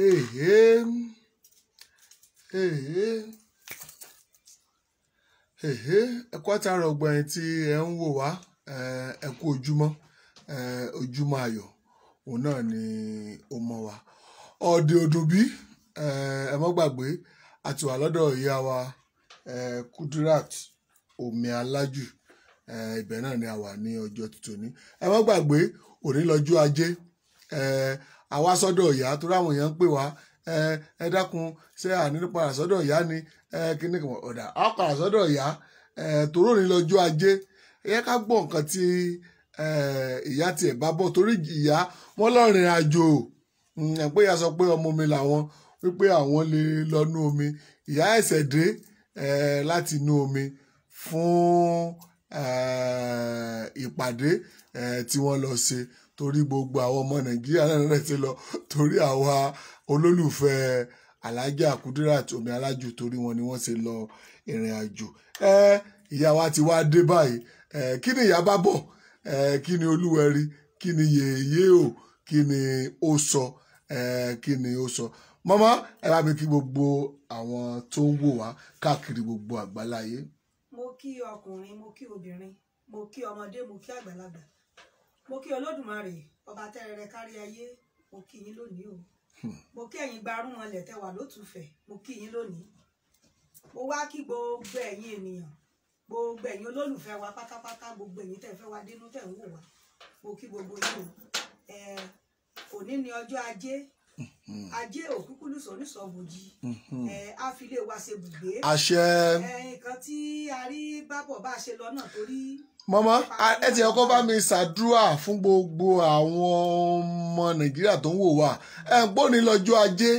èhé èhé èhé ẹ̀kọ́ àtàrà ọgbọ̀n ẹ̀yìn tí ẹ̀ ń wò wá ẹ ojúmọ́ ojúmọ́ ayọ̀ òun náà ni ó mọ̀ wá ọ̀dẹ̀ òdòbí ẹ mọ́ gbàgbé àti wà lọ́dọ̀ ìyá wa Kudirat omi alájù ibẹ̀ náà ni a wà ní ọjọ́ tuntun ní ẹ mọ́ gbàgbé òní lọ́jọ́ ajé àwa sọ́dọ̀ ìyá torí àwọn èèyàn ń pè wá ẹ dákun ṣé àní padà sọ́dọ̀ ìyá ni kíní kan ọ̀dà á padà sọ́dọ̀ ìyá tòró ni lọ́jọ́ ajé ẹ ká gbọ́ nǹkan tí ìyá tiẹ̀ bá bọ̀ torí ìyá wọn lọ́rìn àjò pé ìyá sọ pé ọmọ mi làwọn wípé àwọn lè lọ́nú omi ìyá ẹ̀sẹ̀ dé láti inú omi fún ìpàdé tí wọ́n lọ ṣe torí gbogbo àwọn ọmọ nàìjíríà náà rẹ̀ ti lọ torí àwa olólùfẹ́ alájà Kudirat Omi Alájù torí wọn ni wọ́n ṣe lọ ìrìn àjò ẹ ìyá wa ti wá dé báyìí ẹ kí ni ìyá bá bọ̀ ẹ kí ni olúwẹ̀rí kí ni yèyé o kí ni ó sọ ẹ kí ni ó sọ mọ́mọ́ ẹ bá mi kí gbogbo àwọn tó ń wò wá káàkiri gbogbo àgbáláyé. mo kí ọkùnrin mo kí obìnrin mo kí ọmọdé mo kí àgbàlagbà mo kí olódùmarè ọba tẹ́rẹrẹ kárí ayé mo kí yín lónìí o hmm. mo kí ẹ̀yin gbarún ọlẹ tẹwà lótùfẹ mo kí yín lónìí mo wá kí gbogbo ẹ̀yin ènìyàn gbogbo ẹ̀yin olólùfẹ́ wa pátápátá gbogbo ẹ̀yin tẹ́ fẹ́ wa dínú tẹ́ ń wò wá mo kí gbogbo yín o òní ni ọjọ́ ajé hmm. ajé òkúkúlù sọ̀nìsọ̀bùjì àfilé hmm. wa ṣe bùgbé àṣẹ nǹkan tí a rí bábọ̀ bá ṣe lọ náà torí mọ́mọ́ ẹ ti ọkọ bá mi ṣàdúrà fún gbogbo àwọn ọmọ nàìjíríà tó ń wò wá ẹ ń gbóni lọ́jọ́ ajé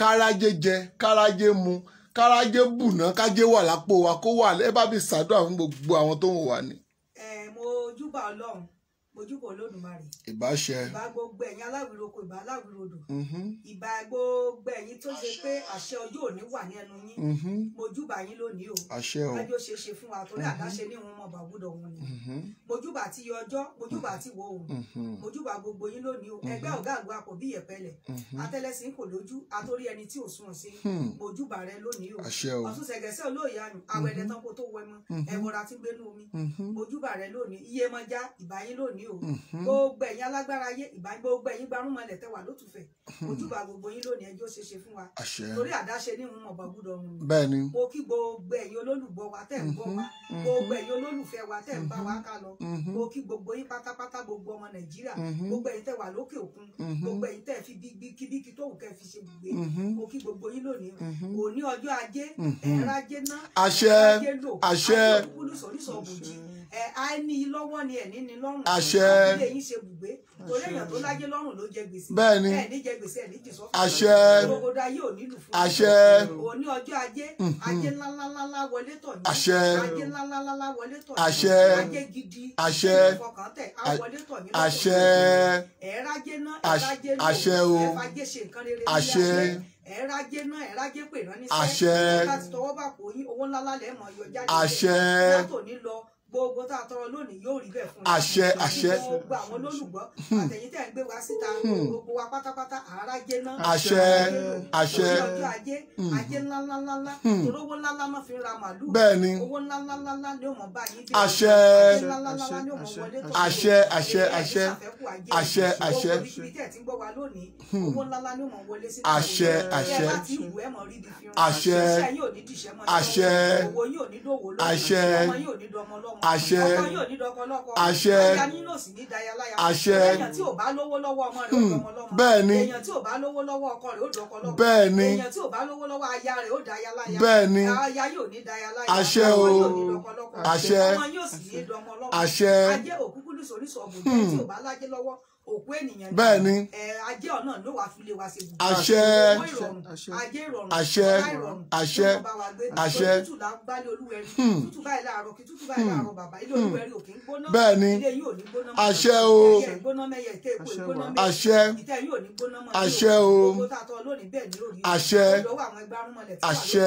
kárajé jẹ kárajé mu kárajé bùnà kájé wà lápò wa kó wà ẹ bá mi ṣàdúrà fún gbogbo àwọn tó ń wò wá ni. ẹ mo júbà ọlọ́run mojúbọ olódùmarè. ìbáṣẹ. ìbá gbogbo ẹ̀yin aláwìroko ìbá aláwìrodò. Mm-hmm. ìbá gbogbo ẹ̀yin tó ṣe pé àṣẹ ọjọ́ òní wà ní ẹnu yín. Mm-hmm. mojúbà yín lónìí o. àṣẹ o. lájọ ṣe ṣe fún wa torí mm-hmm. àdáṣe ní òun mọ̀ bàbúdọ̀ wọn ni. mojúbà ti yọ ọjọ́ mojúbà ti wọ òun. mojúbà gbogbo yín lónìí o. ẹgbẹ́ ọ̀gá àgbà kò bí yẹpẹlẹ̀. atẹ́lẹsìn kò lójú atorí ẹni tí ò sùn sí. Hmm. mojúbà rẹ lónìí o. àṣẹ o. ọ̀tún sẹ̀gẹ̀sẹ̀ olóòyè àrùn àwẹ̀lẹ̀ tán kó tó wọ ẹmọ ẹ̀wọ̀ra yín o gbogbo ẹ̀yin alágbára ayé ìbá gbogbo ẹ̀yin gbarúmọlẹ̀ tẹwà lótùfẹ́ ojúbà gbogbo yín lónìí ẹjọ́ ṣe ṣe fún wa torí àdáṣe ní ìhun ọba gbúdọ̀ mu bẹ́ẹ̀ni mo kí gbogbo ẹ̀yin olólùgbọ́ wa tẹ̀ ń gbọ́ wa gbogbo ẹ̀yin olólùfẹ́ wa tẹ̀ ń bá wa ká lọ mo kí gbogbo yín pátápátá gbogbo ọmọ nàìjíríà gbogbo ẹ̀yin tẹ̀ lókè òkun gbogbo ẹ̀yin tẹ̀ fi bíkíbíkí tó wù kẹ́ fi ṣe gbùgbé mo kí gbogbo yín lónìí òní ọjọ́ ajé ẹ̀rọ ẹ lọ́wọ́ ni ẹ̀ níní lọ́rùn àṣẹ ilé yìí ṣe bùgbé torí èèyàn tó láyé lọ́rùn ló jẹ gbèsè bẹ́ẹ̀ ni ẹ̀ ní jẹ gbèsè ẹ̀ ní jì sọ́fún àṣẹ gbogbo ayé ò nílùú fún àṣẹ òní ọjọ́ ajé mm-hmm. ajé wọlé tọ̀ ní àṣẹ ajé wọlé tọ̀ ní àṣẹ ajé gidi àṣẹ ìfọkàntẹ̀ àwọlé tọ̀ ní àṣẹ ẹ̀ẹ́rájé náà náà ẹ̀fàjé pè náà ní sẹ́yìn láti tọwọ́ bá owó ńlá lálẹ́ mọ̀ yọ jáde látòní lọ gbogbo tá a tọrọ lónìí yóò rí bẹ́ẹ̀ fún wa. àṣẹ àṣẹ gbogbo àwọn olólùgbọ́ hmm. àtẹ̀yìn tẹ̀ ń gbé wa síta hmm. gbogbo wa pátápátá àárá jẹ́ náà. àṣẹ àṣẹ ọjọ́ ajé hmm. ajé ńláńláńlá torówó ńláńlá máa fi ra màlúù bẹ́ẹ̀ni owó ńláńláńlá ni ó mọ̀ bá yín dé àṣẹ àṣẹ àṣẹ àṣẹ àṣẹ àṣẹ àṣẹ àṣẹ àṣẹ àṣẹ àṣẹ àṣẹ àṣẹ àṣẹ àṣẹ hmm, bẹ́ẹ̀ ni bẹ́ẹ̀ ni bẹ́ẹ̀ ni àṣẹ o àṣẹ àṣẹ òkú ènìyàn bẹ́ẹ̀ni ajé ọ̀nà ló wà fi lé wa ṣe gbogbo àṣẹ ajé ìrọ̀rùn àṣẹ àṣẹ àṣẹ tútù là ń gbálé olúwẹrí tútù báyìí láàárọ̀ kí tútù báyìí láàárọ̀ bàbá ilé olúwẹrí ò kí ń gbóná bẹ́ẹ̀ni àṣẹ o àṣẹ àṣẹ o àṣẹ àṣẹ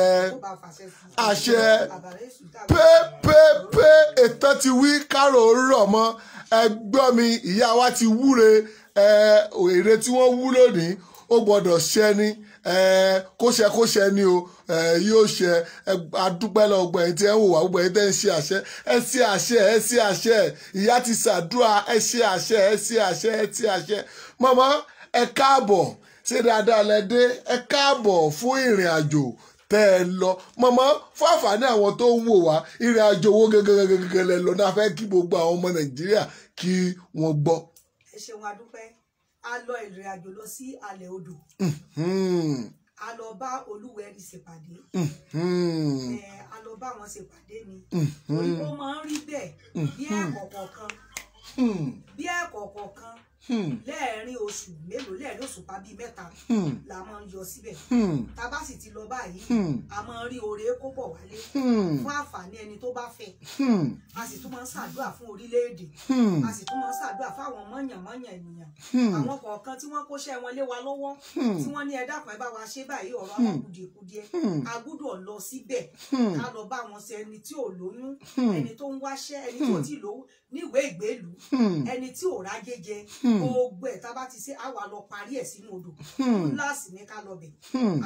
àṣẹ pé pé pé ètò ti wí kárò rọ̀ mọ́ ẹ gbọ́ mi ìyá wa ti wúre èrè tí wọ́n wú lónìí ó gbọ́dọ̀ ṣẹ ni kóṣẹkóṣẹ ni o yóò ṣe adúpẹ́ lọ gbogbo ẹ̀yin tí ẹ ń wò wá gbogbo ẹ̀yin tẹ́ ń ṣe àṣẹ ẹ ṣe àṣẹ ẹ ṣe àṣẹ ìyá ti ṣàdúrà ẹ ṣe àṣẹ ẹ ṣe àṣẹ ẹ ṣe àṣẹ màmá ẹ káàbọ̀ ṣé dáadáa lẹ dé ẹ káàbọ̀ fún ìrìn àjò tẹ́ ẹ lọ mọ̀mọ́ fáfàní àwọn tó ń wò wá ìrìn àjò owó gẹ́gẹ́gẹ́gẹ́ lẹ lọ náà fẹ́ kí gbogbo àwọn ọmọ nàìjíríà kí wọ́n gbọ́. ẹ ṣeun adúpẹ́ a lọ ìrìn àjò lọ sí alẹ́ odò a lọ bá olúwẹ̀rí ṣèpàdé a lọ bá wọn ṣèpàdé ni òyìnbó máa ń rí bẹ́ẹ̀ bí ẹ̀kọ́ kọ̀ọ̀kan bí ẹ̀kọ́ kọ̀ọ̀kan Hmm. lẹ́ẹ̀rin oṣù mélòó lẹ́ẹ̀rin oṣù pa bíi mẹ́ta hmm. la máa ń yọ síbẹ̀ hmm. tá a bá sì ti lọ báyìí a máa rí oore kó bọ̀ wálé fún àǹfààní ẹni tó bá fẹ́ a sì tún máa ń ṣàdúrà fún orílẹ̀-èdè a sì tún máa ń ṣàdúrà fáwọn mọ̀yànmọ̀yàn ènìyàn àwọn kọ̀ọ̀kan tí wọ́n kóṣẹ́ wọn lé wa lọ́wọ́ tí wọ́n ní ẹ dákun ẹ bá wa ṣe báyìí ọ̀rọ̀ àwọn a gbúdọ̀ lọ síbẹ̀ ká lọ bá wọn ṣe níwèé ìgbélú hmm. ẹni tí ò ráyé jẹ hmm. gbogbo ẹ̀ tá a bá ti ṣe àwa lọ parí ẹ̀ sínú odò hmm. kíláàsì ní ká lọ bẹ̀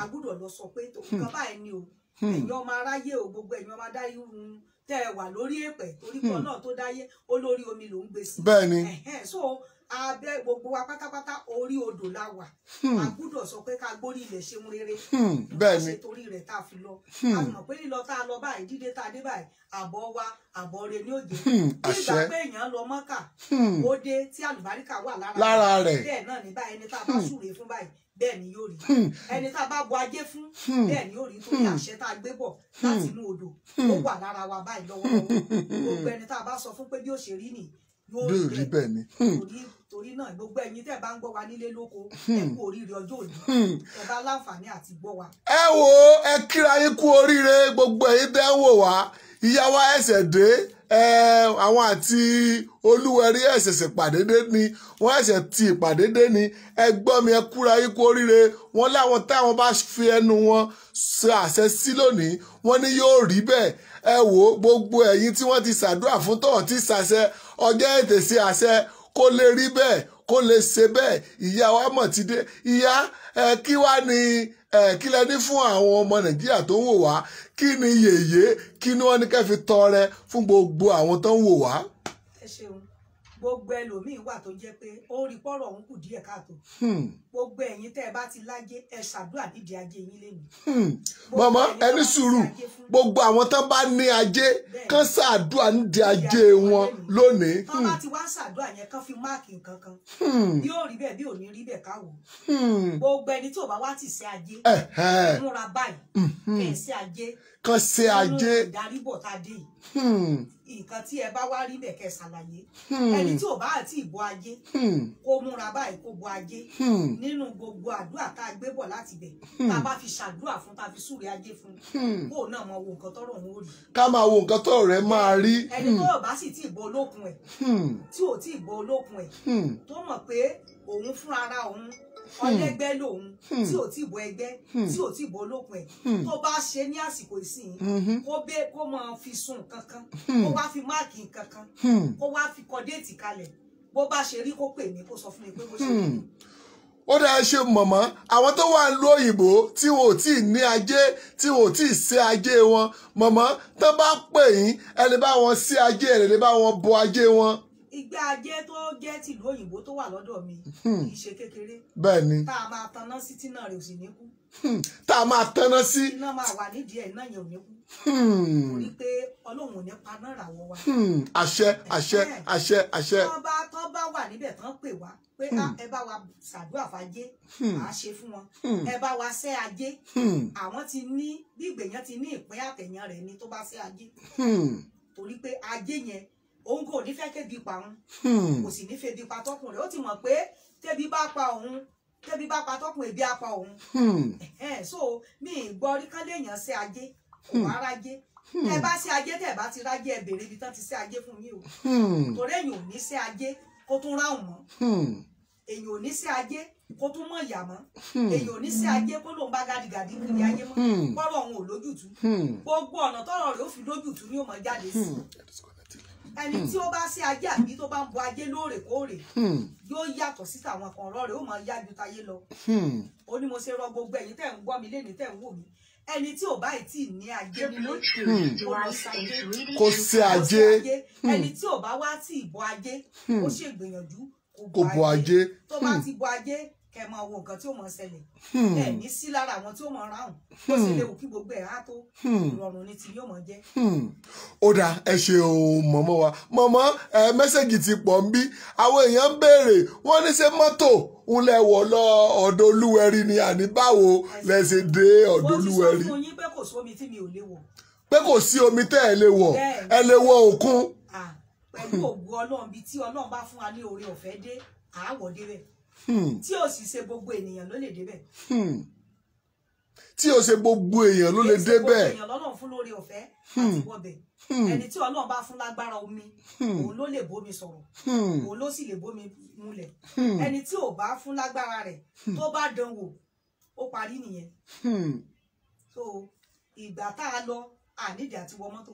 a gbọ́dọ̀ lọ sọ pé tòun kan báyìí ni o ẹ̀yin ọmọ aráyé o gbogbo ẹ̀yin ọmọ adarí run tẹ́ ẹ wà lórí èpẹ̀ torí kan náà tó dáyé olórí omi ló gbé sí. bẹ́ẹ̀ni so abẹ́ gbogbo wa pátápátá orí odò la wà hmm. a gbúdọ̀ sọ pé ká gbórí ilẹ̀ ṣeun rere hmm, bẹ́ẹ̀ ni torí rẹ̀ tá a fi lọ hmm. a mọ̀ pé lílọ tá a lọ báyìí dídé tá a dé báyìí àbọ̀ wa àbọ̀ rẹ̀ ni ó nígbà pé èèyàn lọ mọ́kà ó dé tí àlùbáríkà wà lára rẹ̀ bẹ́ẹ̀ náà ní báyìí ẹni tá a bá súre fún báyìí bẹ́ẹ̀ ni yóò rí ẹni tá a bá bu ajé fún bẹ́ẹ̀ ni yóò rí torí àṣẹ tá a gbé bọ̀ láti inú odò ó wà lára wa báyìí lọ́wọ́lọ́wọ́ gbogbo ẹni tá a bá sọ fún pé bí ó ṣe rí nìyí bí ò rí bẹ́ẹ̀ ni. Hmm. torí náà gbogbo ẹ̀yin tẹ́ bá ń gbọ́ wa nílé lóko ẹ hmm. kú oríire ọjọ́ òní hmm. ẹ bá láǹfààní àti gbọ́ wa. ẹ wo ẹ kíra yín kú oríire gbogbo ẹ̀yin tẹ́ ń wò wá ìyá wa ẹsẹ̀ dé àwọn àti olúwẹrí ẹ̀ṣẹ̀ṣẹ̀ pàdédé ni wọ́n ẹ̀ṣẹ̀ ti ìpàdédé ni ẹgbọ́n mi ẹ kúra yín kú oríire wọn láwọn táwọn bá fi ẹnu wọn ṣe àṣẹ sí lónìí wọ́n ní yóò rí bẹ́ẹ̀ ẹ wò gbogbo ẹ̀yin tí wọ́n ti ṣàdúrà fún tọ̀hún ti ṣàṣẹ ọjọ́ ètè sí àṣẹ kó lè rí bẹ́ẹ̀ kó lè ṣe bẹ́ẹ̀ ìyá wa mọ̀ ti dé ìyá ẹ kí wá ni ẹ kí lẹ ní fún àwọn ọmọ nàìjíríà tó ń wò wá kí ni yèyé kí ni wọ́n ní kẹ́ fi tọrẹ fún gbogbo àwọn tó ń wò wá gbogbo ẹlòmíì wà tó jẹ́ pé ó rí pọ́rọ̀ òun kù díẹ̀ káàtó hmm. gbogbo ẹ̀yin tẹ́ ẹ bá ti lájé ẹ ṣàdúrà nídìí ajé yín lẹ́nu. Hmm. màmá ẹni sùúrù gbogbo àwọn tán bá ní ajé kán ṣàdúrà nídìí ajé wọn lónìí. tán hmm. bá ti wá ṣàdúrà yẹn kán fi máàkì nǹkan kan bí ó rí bẹ́ẹ̀ bí ò ní rí bẹ́ẹ̀ káwò. gbogbo ẹni tó bá wá ti ṣe ajé múra báyìí kẹ̀ ṣe ajé kan ṣe ajé ìdarí bọ̀ tá a dé yìí nǹkan tí ẹ bá wá rí bẹ̀ kẹ́ ṣàlàyé hmm. ẹni tí ò bá àti ìbò ajé hmm. kó múra báyìí kó bo ajé hmm. nínú gbogbo àdúrà tá a gbé bọ̀ láti bẹ̀ tá a bá fi ṣàdúrà fún tá a fi súre ajé fún kó o náà mọ wo nǹkan tọrọ òun ó rí. ká máa wo nǹkan tọrọ rẹ máa rí. ẹni tó ò bá sì tí ì olókun ẹ tí ò tí ì olókun ẹ tó mọ̀ pé òun fún ara òun Hmm. ọlẹ́gbẹ́ lòun hmm. tí ò tí bọ ẹgbẹ́ hmm. tí ò tí bọ olókun ẹ̀ tó bá ṣe ní àsìkò ìsìn mm-hmm. kó bẹ kó máa fi sun kankan kó wá fi máàkì kankan kó wá fi kọ déètì kalẹ̀ bó bá ṣe rí kó pè mí kó sọ fún mi pé bó ṣe rí ó dáa ṣe mọ̀mọ́ àwọn tó wà ló òyìnbó tí wọn ò tí ì ní ajé tí wọn ò tí ì ṣe ajé wọn mọ̀mọ́ tó bá pè yín ẹ lè bá wọn ṣe ajé ẹ lè bá wọn bọ ajé wọn ìgbé ajé tó jẹ́ tìlú òyìnbó tó wà lọ́dọ̀ mi hmm. kì í ṣe kékeré bẹ́ẹ̀ ni tá a máa tanná sí tí náà ò sì ní kú hmm. tá a máa tanná sí. iná máa wà nídìí ẹ̀ náà yẹn ò ní kú hmm. torí pé ọlọ́run ò ní pa náà ràwọ̀ wa. àṣẹ àṣẹ àṣẹ àṣẹ. tán bá tán bá wà níbẹ̀ tán pè wá pé ah, ẹ bá wa ṣàdúrà fàájé à á ṣe fún wọn ẹ bá wa ṣẹ́ ajé àwọn ti ní bí ìgbèyàn ti ní ìpín àtẹ̀yàn rẹ̀ ni tó bá ṣẹ́ ajé torí pé ajé yẹn òun kò ní fẹ́ kébi pa òun hmm. kò sì ní febi pa tọkùn rẹ̀ ó ti mọ̀ pé tẹ́bi bá pa òun tẹ́bi bá pa tọkùn ebi á pa òun hmm. so mi ì gbọ́ rí kán léèyàn ṣe ajé kò hmm. wá rájé tẹ bá ṣe ajé tẹ bá ti rájé ẹ bèrè ibi tán ti ṣe ajé fún yín o torí èyàn ò ní ṣe ajé kó tún ráhùn mọ́ èyàn ò ní ṣe ajé kó tún mọ̀ ìyà mọ́ èyàn ò ní ṣe ajé kó lóun bá gàdìgàdì kiri ayé mọ́ kọ́rọ̀ òun ò lójútùú gbogbo ọ̀nà tọ́rọ̀ rẹ̀ ó fi lójútùú ni ó mọ̀ jáde sí i ẹni hmm. tí ó bá ṣe ajé àbí tó bá ń bọ ajé lóòrèkóòrè hmm. yóò yàtọ̀ sí tàwọn kan ọ̀rọ̀ rẹ̀ ó máa yá ju tayé lọ hmm. ó ní mo ṣe rọ gbogbo ẹ̀yin tẹ́ ń gbọ́ mi léni tẹ́ ń wò mí ẹni tí ò báyìí tí ní ajé nínú kò sí ajé ẹni tí ò bá wá tí bọ ajé ó ṣègbìyànjú kò bọ ajé tó bá ti bọ ajé kẹ máa wo nǹkan tí ó mọ ṣẹlẹ̀ hmm. ẹ ní sí lára àwọn tí ó mọ ráhùn hmm. ó sì léwu kí gbogbo ẹ̀ á tó hmm. ìrọ̀rùn ni tí yóò mọ jẹ́. ó dà ẹ ṣeun mọ̀mọ́ wa mọ̀mọ́ ẹ mẹ́sẹ̀gì ti pọ̀ ń bí àwọn èèyàn ń béèrè wọ́n ní ṣe mọ́tò ń lẹ wọ̀ lọ ọ̀dọ̀ olúwẹ̀rí ni àní báwo lẹ ṣe dé ọ̀dọ̀ olúwẹ̀rí. wọ́n ti sọ fún yín pé kò sí omi tí mi ò lè wọ̀. pé kò sí omi tẹ́ Hmm. tí o sì ṣe gbogbo ènìyàn ló lè débẹ̀. Hmm. tí o ṣe gbogbo èèyàn ló lè débẹ̀. èèyàn lọ́nà fún lórí ọ̀fẹ́ hmm. àti wọ̀bẹ̀ ẹni tí ọlọ́run bá fún lágbára omi òun ló lè bómi sọ̀rọ̀ òun ló sì lè bómi múlẹ̀ ẹni tí ò bá fún lágbára rẹ̀ tó bá dánwò ó parí nìyẹn. so ìgbà tá a lọ àníjì àti wọ mọ́tò.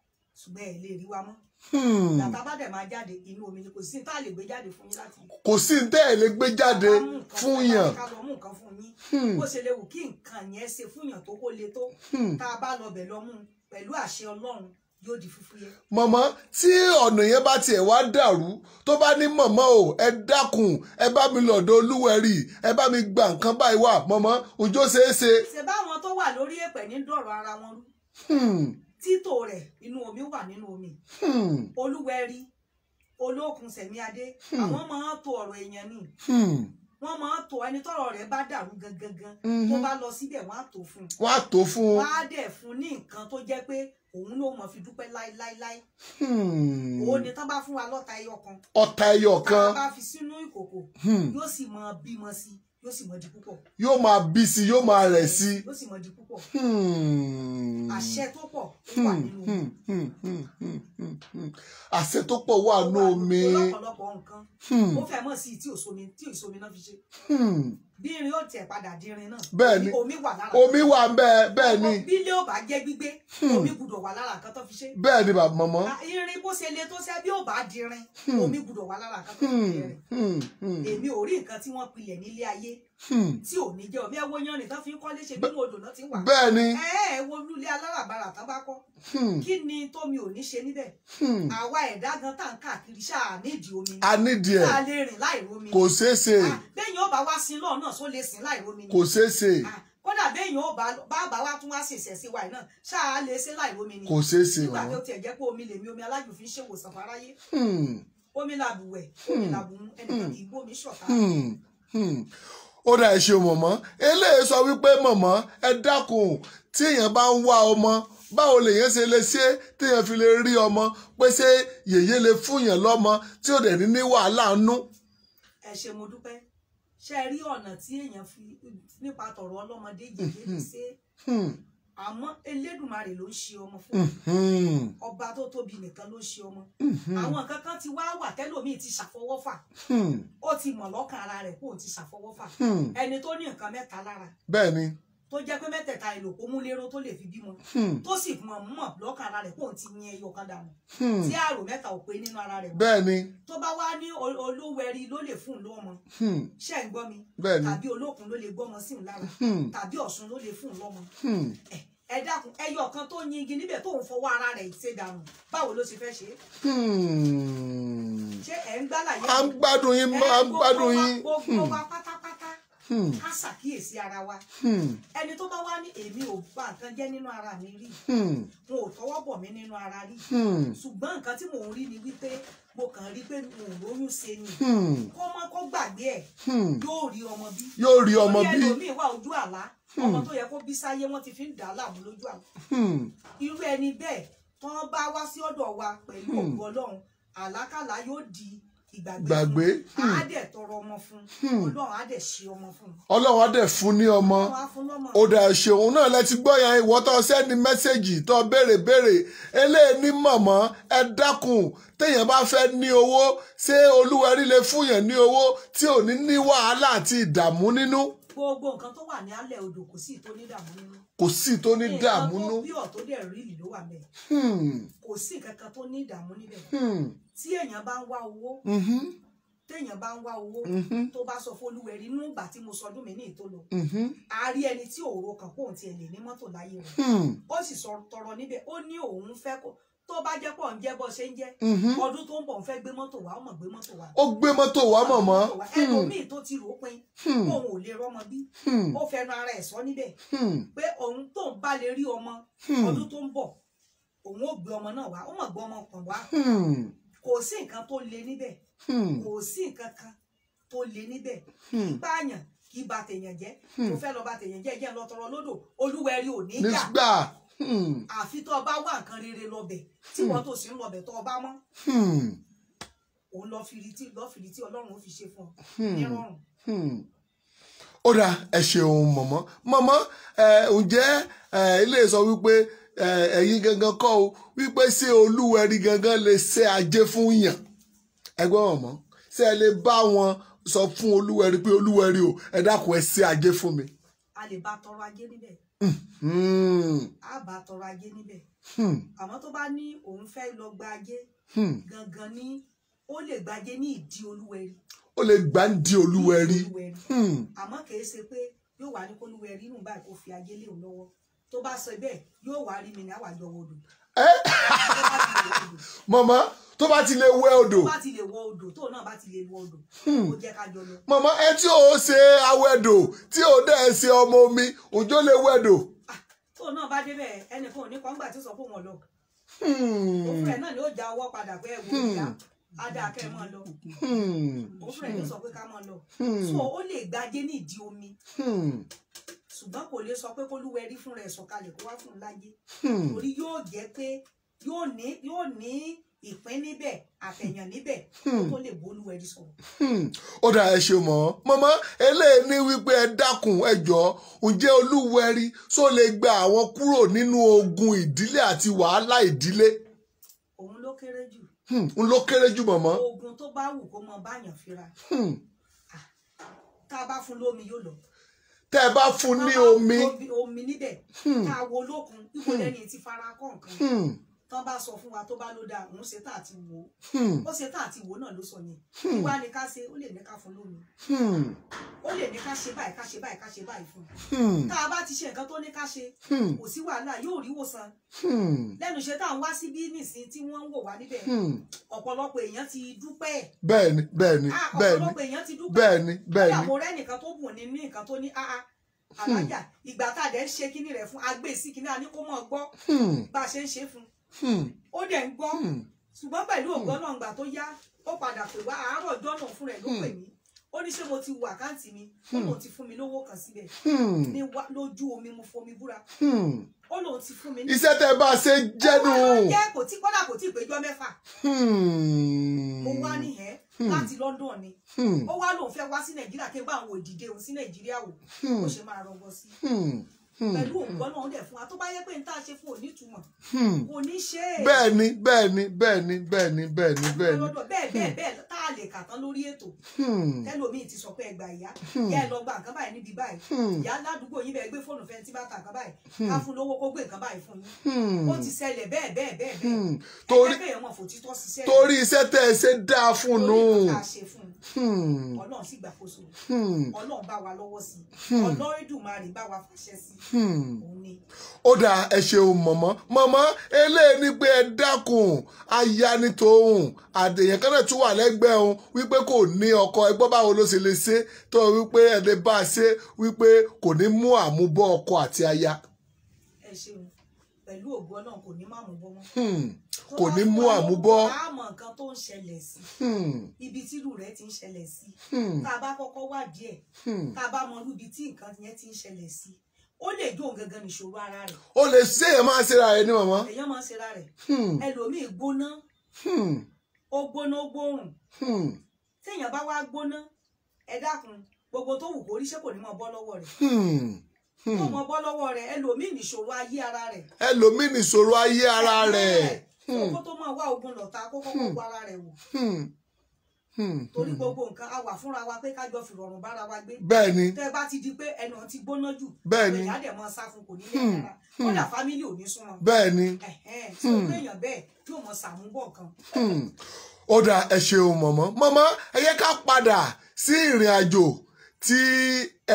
ṣùgbọ́n ẹ̀ lè rí wa mọ́. Hmm. bàtà máa jáde inú omi ni kò sí tá lè gbé jáde fún yín láti. kò sí tẹ́ ẹ̀ lè gbé jáde fún yàn. ká lọ mú nǹkan fún yín hmm. bó ṣe lè wù kí nǹkan yẹn ṣe fún yàn tó kó le tó hmm. tá a bá lọ bẹ̀ lọ mú pẹ̀lú àṣẹ Ọlọ́run yóò di fúfúyẹ́. mọ̀mọ́ tí ọ̀nà yẹn bá tiẹ̀ wá dàrú tó bá ní mọ̀mọ́ o ẹ dákun ẹ bá mi lọ́dọ̀ olúwẹ̀rì ẹ bá mi gba nǹkan báyìí wà mọ̀mọ́ ọjọ́ ṣeé ṣe. ṣe báwọn tó wà lórí èpẹ̀ ní dọ̀rọ̀ ara wọn títò rẹ̀ inú omi wà nínú omi hmm. olúwẹrí olókun sẹmí adé hmm. àwọn máa ń to ọ̀rọ̀ èèyàn ni hmm. wọ́n máa ń to ẹni tọ́rọ̀ rẹ̀ bá dàrú gangan tó mhm. bá lọ síbẹ̀ wọ́n á tó fún un wọ́n á tó fún un wọ́n á dẹ̀ fún un ní nǹkan tó jẹ́ pé òun ló mọ̀ fi dúpẹ́ láíláíláí òun ni tán bá fún wa lọ́ta ẹyọ kan ọ̀ta ẹyọ kan tá bá fi sínú ìkòkò yóò sì mọ bímọ sí i yóò sì mọ di púpọ̀. yóò máa bí sí yóò máa rẹ̀ sí. yóò sì mọ di púpọ̀. àṣẹ tó pọ̀ wà nínú omi. àṣẹ tó pọ̀ wà nínú omi. Hmm. ó fẹ́ mọ̀ sí tí òṣomi tí náà fi ṣe. Hmm bí irin ó tiẹ̀ padà di irin náà. bẹ́ẹ̀ni omi wà lára omi wà ń bẹ́ẹ̀ bẹ́ẹ̀ ni. bí ilé ò bá jẹ́ gbígbé hmm. omi gbúdọ̀ wà lára nǹkan tó fi ṣe. bẹ́ẹ̀ ni bàbá mọ́mọ́. irin bó ṣe le tó ṣe bí ò bá di irin hmm. omi gbúdọ̀ wà lára nǹkan tó fi hmm. ṣe. èmi ò rí nǹkan tí wọ́n pilẹ̀ nílé ayé Hmm. tí ò ní jẹ omi ẹ wo ni. tán fi ń kọ́lé ṣe nínú odò náà ti ń wà. bẹ́ẹ̀ ni. ẹ ẹ wo lulẹ̀ aláràbarà tán bá kọ́. Hmm. kí ni tómi ò ní ṣe níbẹ̀. Hmm. àwa ẹ̀dá gan tá n káàkiri ṣáà nídìí omi. a nídìí ẹ̀. ká lè rìn láì romi. kò ṣeé ṣe. bẹ́ẹ̀ yóò bá wá sí lọ́ọ̀ náà só lè sìn láì romi. kò ṣeé ṣe. kódà bẹ́ẹ̀ yóò bá bá wa tún wá sí ìṣẹ̀sí wa náà ṣáà lè ṣe láì romi ni. kò ṣeé ṣe wọn. nígbà tó tiẹ̀ jẹ́ pé omi lèmi omi alájù fi ń ṣèwòsàn faráyé. omi làbùwẹ̀ omi làbùmú ẹnìkan kì í gbómi ṣọ̀tá ó dà ẹ ṣe mọ̀mọ́ eléyìí sọ wípé mọ̀mọ́ ẹ dákun tí èèyàn bá ń wá ọmọ báwo lèèyàn ṣe lè ṣe téèyàn fi lè rí ọmọ pé ṣé yèyé lè fúnyàn lọ́mọ tí ò dẹ̀ ní ní wàhálà nú. ẹ ṣe mo dúpẹ́ ṣe rí ọ̀nà tí èèyàn fi nípa tọ̀rọ̀ ọlọ́mọdé yèyé lè ṣe àmọ́ elédùnmarè ló ń ṣe ọmọ fún ọba tó tóbi nìkan ló ń ṣe ọmọ àwọn kankan ti wá wà tẹ́lòmíì ti ṣàfọwọ́fà ó ti mọ̀ lọ́kàn ara rẹ̀ kó o ti ṣàfọwọ́fà ẹni tó ní nǹkan mẹ́ta lára bẹ́ẹ̀ tó jẹ́ pé mẹ́tẹ̀ẹ̀ta ìlòpọ̀ múlẹ́rọ tó lè fi bímọ hmm. tó sì mọ̀ mọ̀ lọ́kàn ara rẹ̀ kóun ti yan ẹyọ kan dànù hmm. tí àrò mẹ́ta ò pé nínú ara rẹ̀ bẹ́ẹ̀ni tó bá wá ní olówẹ̀rí ló lè fún un lọ́mọ hmm. ṣé ń gbọ́ mi tàbí olókun ló lè gbọ́mọ sí ń lára tàbí ọ̀ṣun ló lè fún un lọ́mọ ẹ dákun ẹyọ kan tó yin igi níbẹ̀ tóun fọwọ́ ara rẹ̀ ṣe dànù báwo ló ṣe fẹ́ ṣe ṣé ẹ ń gbálàyé à ń gbádùn yín à ń gbádùn yín gbogbo wa pátápátá Hmm. ká ṣàkíyèsí ara wa hmm. ẹni tó bá wá ní èmi ò bá nǹkan jẹ́ nínú ara mi rí hmm. mo ò tọwọ́ bọ̀ mí nínú ara rí ṣùgbọ́n nǹkan tí mò ń rí ni wípé mo kàn rí pé mo ò lóyún ṣe ni kó mọ kó gbàgbé ẹ yóò rí ọmọ bí yóò rí ọmọ bí lórí ẹlòmíín wà ojú àlá ọmọ tó yẹ kó bí sáyé wọn ti fi ń dà á láàmú lójú àlá irú ẹni bẹ́ẹ̀ tán bá wá sí ọ̀dọ̀ wa pẹ̀lú òògùn di gbàgbé á hmm. dẹ̀ tọrọ ọmọ fún hmm. ọlọ́run á dẹ̀ ṣe ọmọ fún. ọlọ́run á dẹ̀ fún ní ọmọ ó dà ṣeun náà lẹ́tí gbọ́ yẹn ìwọ tó sẹ́ni mẹ́sẹ̀gì tó béèrè béèrè eléyìí ní mọ̀mọ́ ẹ dákun téèyàn bá fẹ́ ní owó ṣé olúwẹ̀rí lè fún yẹn ní owó tí ò ní ní wàhálà àti ìdààmú nínú. gbogbo nǹkan tó wà ní alẹ́ odò kò sí ìtóní dààmú nínú. kò sí ìtóní dààmú nínú. nǹkan tó bí ọ̀ tó dẹ̀ rí ìlú wà mẹ́ tí èèyàn bá ń wá owó mm-hmm. téèyàn bá ń wá owó mm-hmm. tó bá sọ fólúwẹrí nínú ìgbà tí mo sọdún mi ní ìtòlò mm-hmm. a rí ẹni tí òòrò kan kóun tiẹ̀ lè ní mọ́tò láyé wọn hmm. ó sì sọ tọrọ níbẹ̀ ó ní òun fẹ́ kó tó bá jẹ́ pọ̀ ń jẹ́ bọ́ ṣe ń jẹ́ ọdún tó ń bọ̀ ń fẹ́ gbé mọ́tò wá ó mọ̀ gbé mọ́tò wá. ó gbé mọ́tò wá mọ̀mọ́. ẹlòmíì hmm. tó ti rò pin hmm. òun ò lè rọ́mọ bí ó fẹnu ara ẹ̀ sọ níbẹ̀ pé òun tó ń bá lè rí ọmọ ọdún tó ń bọ̀ òun ò gbé ọmọ náà wá ó mọ̀ gbé ọmọ kan wá kò sí nǹkan tó le níbẹ̀ hmm. kò sí nǹkan kan tó le níbẹ̀ hmm. báyàn kì í ba tèèyàn jẹ́ hmm. mo fẹ́ lọ ba tèèyàn jẹ́ jẹ́ lọ tọrọ lódò olúwẹ̀rí ò ní gbà àfi tó o bá wà nǹkan rere lọ́bẹ̀ tí wọ́n tó sì ń lọ́bẹ̀ tó o mọ́ òun lọ fìrí tí lọ ọlọ́run ó fi ṣe fún ọ nírọ̀rùn. ó dáa ẹ ṣeun mọ̀mọ́ mọ̀mọ́ ǹjẹ́ ilé sọ wípé ẹ̀yin gangan kọ́ o wípé ṣé olúwẹ̀rí gangan lè ṣe ajé fún yàn ẹgbẹ́ wọn mọ́ ṣé ẹ lè bá wọn sọ fún olúwẹ̀rí pé olúwẹ̀rí o ẹ dákun ẹ ṣe ajé fún mi. a lè bá tọrọ ajé níbẹ̀. Hmm, hmm. a bá tọrọ ajé níbẹ̀. Hmm. àmọ́ tó bá ní òun fẹ́ lọ gba ajé gangan ni ó lè gbajé ní ìdí olúwẹ̀rí. ó lè gbà ń di olúwẹ̀rí. àmọ́ kì í ṣe pé yóò wá ní kólúwẹ̀rí nù báyìí kó fi ajé léwu lọ́wọ́ tó bá sọ bẹ́ẹ̀ yóò wá rí mi ní àwàjọ odò. Eh, mọ̀mọ́ tó bá ti lè wẹ odò. tó bá ti lè wọ odò tó náà bá ti lè wọ odò. Hmm. ó jẹ́ ká jọ lọ. mọ̀mọ́ ẹ tí ò ṣe awẹ́dò tí ò dẹ́ ṣe ọmọ omi òjò lè wẹ́dò. Ah, tó náà bá débẹ̀ ẹnìkan ò ní kọ́ńgbà tí ó sọ fún wọn lọ. Hmm. òfin náà ni ó já ọwọ́ padà pé ẹ wò ó já hmm. ada kẹ mọ lọ òfin ló sọ pé ká mọ lọ so ó lè gbajé nídìí omi ṣùgbọ́n kò lè sọ pé kólúwẹ̀ rí fún rẹ̀ sọ̀kalẹ̀ kó wá fún un láyé hmm. torí yóò jẹ́ pé yóò ní yóò ní ìpín níbẹ̀ àfẹ̀yàn níbẹ̀ hmm. tó lè bolúwẹ̀ rí sọ̀rọ̀. Hmm. ó dà ẹ ṣe mọ́ màmá eléyìí ní wípé ẹ dákun ẹ jọ ǹjẹ́ olúwẹ̀rí só lè gba àwọn kúrò nínú ogun ìdílé àti wàhálà ìdílé. òun ló kéré jù. òun ló kéré jù màmá. ogun tó bá wù kó mọ báyàn fira ah, tá a bá fún lómi yóò lọ tẹ́ ẹ bá fún ní omi. omi níbẹ̀ hmm. ká wo lókun ìwọlẹ́ni hmm. ti fara kọ̀ọ̀kan. Hmm tán bá sọ fún wa tó bá ló dáa òun ṣe tá àti wò ó hmm. ó ṣe tá àti wò náà ló sọ ni hmm. wíwá ni ká ṣe ó lè ní ká fún lómi hmm. ó lè ní ká ṣe báyìí ká ṣe báyìí ká ṣe báyìí fún un tá a bá ti ṣe nǹkan tó ní ká ṣe kò sí wàhálà yóò rí wòsàn lẹ́nu iṣẹ́ tá à ń wá sí bí nìsín tí wọ́n ń wò wá níbẹ̀ ọ̀pọ̀lọpọ̀ èèyàn ti dúpẹ́ bẹ́ẹ̀ni bẹ́ẹ̀ni ah, bẹ́ẹ̀ni ọ̀pọ̀lọpọ̀ èèyàn ti dúpẹ́ bẹ́ẹ̀ni bẹ́ẹ̀ni ìyàwó rẹ nìkan tó bùn ní nìkan tó ní áá ah, ah, alájà ìgbà tá a dẹ̀ ń ṣe kíní rẹ̀ fún agbèsí e kíní a ní kó mọ̀ gbọ́ bá a ṣe ń ṣe fún un Hmm. ó dẹ̀ ń gbọ́ hmm. ṣùgbọ́n pẹ̀lú hmm. ògbọ́n náà gbà tó yá ó padà pè wá àárọ̀ ọjọ́ náà fúnra ẹ̀ ló pè mí ó ní ṣé mo ti wo àkáǹtì mi ó lóun ti fún mi lówó kan síbẹ̀ ní wá lójú omi mo fomi búra ó lóun ti fún mi ní. iṣẹ́ tẹ́ bá a ṣe jẹ́nu. ó jẹ́ kò tí kọ́lá kò tí ì péjọ mẹ́fà. mo wá nìyẹn láti London ni ó wá lóun fẹ́ wá sí Nàìjíríà kí n bá àwọn òdìdé òun sí Nàìjíríà wò ó ṣe máa rọgbọ sí i. Hmm. pẹ̀lú òkú hmm. ọlọ́run dẹ̀ fún wa tó bá yẹ pé n tá a ṣe fún òní túmọ̀ hmm. kò ní ṣe é. bẹ́ẹ̀ ni bẹ́ẹ̀ ni bẹ́ẹ̀ ni bẹ́ẹ̀ ni bẹ́ẹ̀ ni bẹ́ẹ̀ ni. bẹ́ẹ̀ bẹ́ẹ̀ bẹ́ẹ̀ tá a lè kà tán lórí ètò tẹ́lómìn ti sọ pé ẹgbà ìyá yẹ ẹ lọ gba nǹkan báyìí níbi báyìí ìyá ládùúgbò yín bẹ́ẹ̀ gbé fóònù fẹ́ tí bá ta nǹkan báyìí ká fún lówó kó gbé nǹkan báyìí fún yín ó ti ṣẹlẹ̀ bẹ́ẹ̀ bẹ́ẹ̀ bẹ́ẹ̀ bẹ́ẹ̀ torí iṣẹ́ tẹ́ ẹ ṣe dáa fún un ọlọ́run sì gbàkóso ọlọ́run bá wa lọ́wọ́ sí ọlọ́run dùn máa rìn bá wa fàṣẹ sí Hmm. ó dáa ẹ ṣeun mọ̀mọ́ mọ̀mọ́ eléyìí ni pé ẹ dákun aya ni tòun àdèyàn kan náà tún wà lẹ́gbẹ̀ẹ́ òun wípé kò ní ọkọ ẹgbọ́n báwo ló ṣe lè ṣe tó wípé ẹni bá a ṣe wípé kò ní mú àmúbọ́ ọkọ àti aya. ẹ ṣeun pẹ̀lú ògùn ọlọ́run kò ní mú àmúbọ́ mọ́. Hmm. kò ní mú àmúbọ́. tó bá mọ nǹkan tó ń ṣẹlẹ̀ sí. Hmm. ibi tírú rẹ̀ ti ń ṣẹlẹ̀ sí. tá bá kọ́kọ́ wádìí ó lè jó gangan nìṣòro ara rẹ̀. o lè ṣe èèyàn máa ṣera rẹ ní màmá. èèyàn máa ṣera rẹ hmm. ẹlòmíì gbóná hmm. ó gbóná ó gbóòrùn hmm. téèyàn bá wá gbóná ẹ dákun gbogbo tó wù kó rí ṣé kò ní mọ bọ́ lọ́wọ́ rẹ̀ kó mọ bọ́ lọ́wọ́ rẹ̀ ẹlòmíì nìṣòro ayé ara rẹ̀. ẹlòmíì nìṣòro ayé ara rẹ̀. kókó tó máa wá ogun lọ́ta kókó kó wọ ara rẹ̀ wò. Hmm. torí gbogbo nǹkan a wà fúnra wa pé ká jọ fi rọrùn bára wa gbé bẹ́ẹ̀ ni tẹ́ bá ti di pé ẹnu ti gbóná jù bẹ́ẹ̀ ni ìyá dẹ̀ mọ sá kò ní lè hmm. dára hmm. kódà fámílì ò ní súnmọ́ bẹ́ẹ̀ ni ó dà ẹ ṣeun mọ̀mọ́ mọ́mọ́ ẹ yẹ ká padà sí ìrìn àjò tí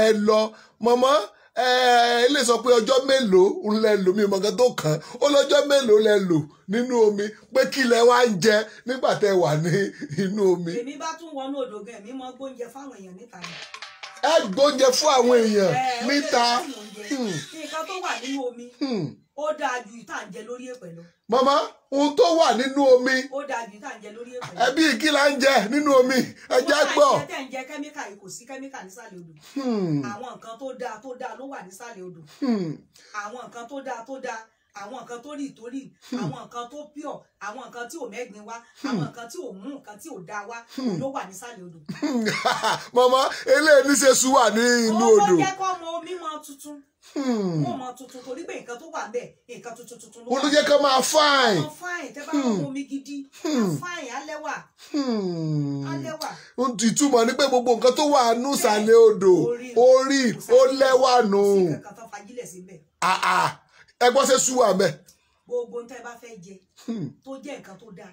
ẹ lọ mọ̀mọ́. Eh, ilé sọ pé ọjọ́ mélòó ń lẹ lò mí mọ̀gán tó kàn ó lọ́jọ́ mélòó lẹ lò nínú omi pé kí lẹ wá ń jẹ nígbà tẹ wà ní inú omi. èmi bá tún wọnú odò gan èmi mọ gbóúnjẹ fáwọn èèyàn níta ni ẹ gbóúnjẹ fún àwọn èèyàn níta. Hmm. nǹkan tó wà nínú omi hmm. ó dáa ju ìtànjẹ lórí èpè lọ. màmá ohun tó wà nínú omi. ó dáa ju ìtànjẹ lórí èpè lọ. ẹbí kí la ń jẹ nínú omi ẹja gbọ́. wọ́n máa ń jẹ tẹ̀ ń jẹ kẹ́míkà yìí kò sí kẹ́míkà nísàlẹ̀ odò. Hmm. àwọn nǹkan tó dáa tó dáa ló wà nísàlẹ̀ odò. àwọn nǹkan tó dáa tó dáa àwọn nǹkan tó rí ìtórí hmm. àwọn nǹkan tó pure àwọn nǹkan tí ò mẹ́gbin wá hmm. àwọn nǹkan tí ò mú nǹkan tí ò da wá hmm. ló wà nísàlẹ̀ odò. mama eléyìí níṣe sùn wà ní inú odò. owó jẹ́ kọ́ omi mọ tuntun mo mọ tuntun torí pé nǹkan tó wà ń bẹ nǹkan tuntun tuntun ló wà. olùjẹ́ kan máa fáìn. ọmọ fáìn tẹ́ bá mọ omi gidi fáìn alẹ́wà. alẹ́wà. ìtumọ̀ ni pé gbogbo nǹkan tó wà nù sàlẹ̀ odò orí ó lẹ́wà nù. sí kankan tó fagilẹ̀ síbẹ̀. Ah, ah ẹ gbọ́ ṣe súwà bẹ́ẹ̀. gbogbo nǹkan bá fẹ́ jẹ hmm. tó jẹ́ nǹkan tó dáa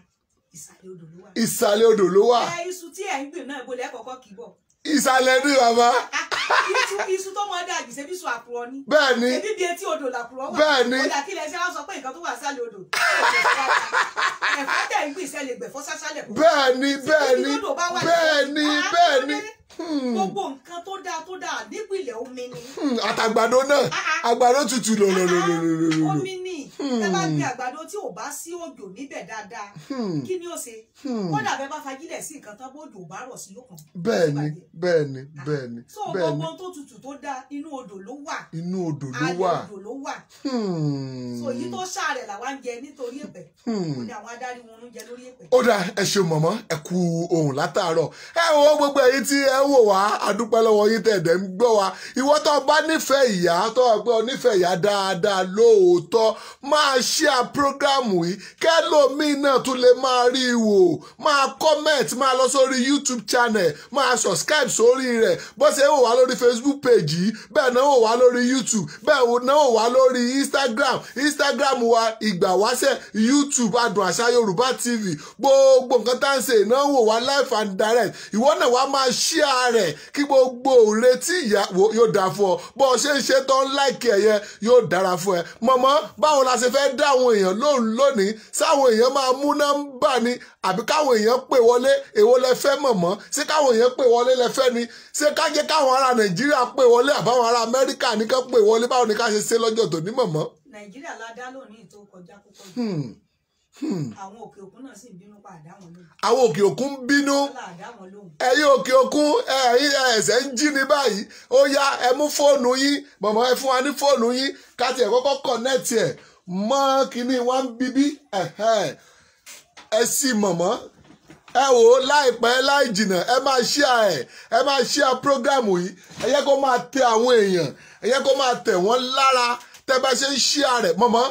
ìsàlẹ̀ odò ló wà. ìsàlẹ̀ odò ló wà. ẹ iṣu tí ẹ̀ ń gbìn náà ni bàbá. iṣu iṣu tó mọ dá àgbèsè bí iṣu àkùrọ̀ ni. bẹ́ẹ̀ni ebi bíi etí odò làkùrọ̀ wà. bẹ́ẹ̀ni ọjà kí lẹsẹ wọn sọ pé nǹkan tó wà sálẹ̀ odò. ẹ̀fọ́ tẹ̀ ń gbìn sẹ́lẹ̀ gbẹ̀fọ́ sásálẹ̀. bẹ́ẹ̀ni bẹ́ẹ̀ni bẹ́ẹ̀ni ah, bẹ́ẹ̀ni hmm. gbogbo nǹkan tó dáa tó dáa nípìnlẹ̀ omi ni. Hmm, àtàgbàdo náà ah, ah. àgbàdo tútù lòlòlòlòlò. omi ni hmm. ẹ bá gbé àgbàdo tí ò bá sí òjò níbẹ̀ dáadáa kí ni ó ṣe kódà bẹ́ẹ̀ bá fagilẹ̀ sí nǹkan tán bó òjò bá rọ̀ sí yóò kàn gbogbo tó tutù tó dáa inú odò ló wà inú odò ló wà àlè odò ló wà hmm. so èyí tó ṣàrẹ̀ làwa ń jẹ nítorí ẹ̀pẹ̀ hmm. ó ní àwọn adarí wọn ń jẹ lórí ẹ̀pẹ̀. ó dáa ẹ ṣe mọ̀mọ́ ẹ kú ohun látàárọ̀ ẹ wo gbogbo èyí tí ẹ wò wá adúpẹ́ lọ́wọ́ yín tẹ̀dẹ̀ ń gbọ́ wa ìwọ tó bá nífẹ̀ẹ́ ìyá tó wà pé ọ nífẹ̀ẹ́ ìyá dáadáa lóòótọ́ máa share prógráàmù yìí kẹ́lòmíì náà tún lè máa rí i wò máa comment máa lọ sórí YouTube channel máa subscribe sórí rẹ̀ bó ṣe wò wá lórí lórí facebook page yìí bẹ́ẹ̀ náwó wá lórí youtube bẹ́ẹ̀ náwó wá lórí instagram instagram wa ìgbà wáṣẹ̀ youtube adùn àṣà yorùbá tv gbogbo nǹkan tá à ń ṣe ìnáwó wa live and direct ìwọ náà wá máa share rẹ̀ kí gbogbo ìrètí ìyàwó yóò dáa fún ọ bó o ṣe ń ṣe tán láìkí ẹ̀yẹ yóò dára fún ẹ mọ̀mọ́ báwo la ṣe fẹ́ dá àwọn èèyàn lóhùn lónìí sáwọn èèyàn máa mú nọ́mbà ni àbí káwọn èèyàn pè wọlé èwo lẹ fẹ́ mọ̀mọ́ ṣé káwọn èèyàn pè wọlé lẹ fẹ́ ni ṣé ká jẹ́ káwọn ará nàìjíríà pè wọlé àbáwọn ará amẹ́ríkà ní ká pè wọlé báwo ni ká ṣe ṣe lọ́jọ́ tòní mọ̀mọ́. nàìjíríà la dá lónìí tó kọjá púpọ̀ jù hmm, hmm. àwọn òkè òkun náà sì ń bínú pa àdáwọn lóhùn. àwọn òkè òkun ń bínú ẹ̀yin òkè òkun ẹ̀yin ẹsẹ ń jí ní báyìí ó yá ẹ mú fóònù yín mọmọ ẹ fún wa ní fóònù yín káti ẹ kọ́kọ́ kọnẹtì ẹ mọ kínní wa ń bíbí ẹ sì mọmọ ẹ wò ó láìpẹ́ láì jìnnà ẹ máa ṣíà ẹ ẹ máa ṣíà prógrámù yìí ẹ yẹ kó máa tẹ àwọn èèyàn ẹ yẹ kó máa tẹ̀ wọ́n lára tẹ́ bá ṣe ń ṣíà rẹ̀ mọ̀mọ́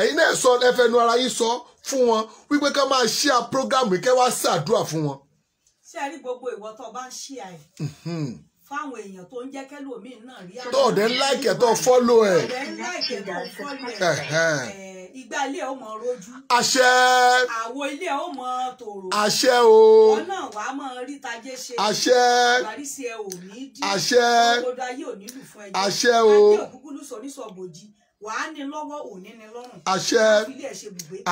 ẹ̀yin náà sọ ẹ fẹnu ara yín sọ fún wọn wípé ká máa ṣíà prógrámù yìí kẹ́ wá ṣàdúrà fún wọn. ṣé ẹ rí gbogbo ìwọ tó bá ń ṣíà ẹ fáwọn èèyàn tó ń jẹ́ kẹ́lòmíín náà rí àwọn. tó o dé ń láìkẹ́ tó fọ́lò ẹ̀. tó o dé ń láìkẹ́ tó fọ́lò ẹ̀ ìgbà ilé ò mọ rojú. àṣẹ. àwo ilé ò mọ tòrò. àṣẹ o. ọ̀nà wàá mọ rí tajé ṣe. àṣẹ. àbáríṣe ẹ ò ní dí. àṣẹ. ọgbọdọ ayé ò nílù fún ẹjẹ. àṣẹ o. àti òkúkúlù sọ̀nísọ̀bòjì wàá ní lọ́wọ́ òní ní lọ́rùn. àṣẹ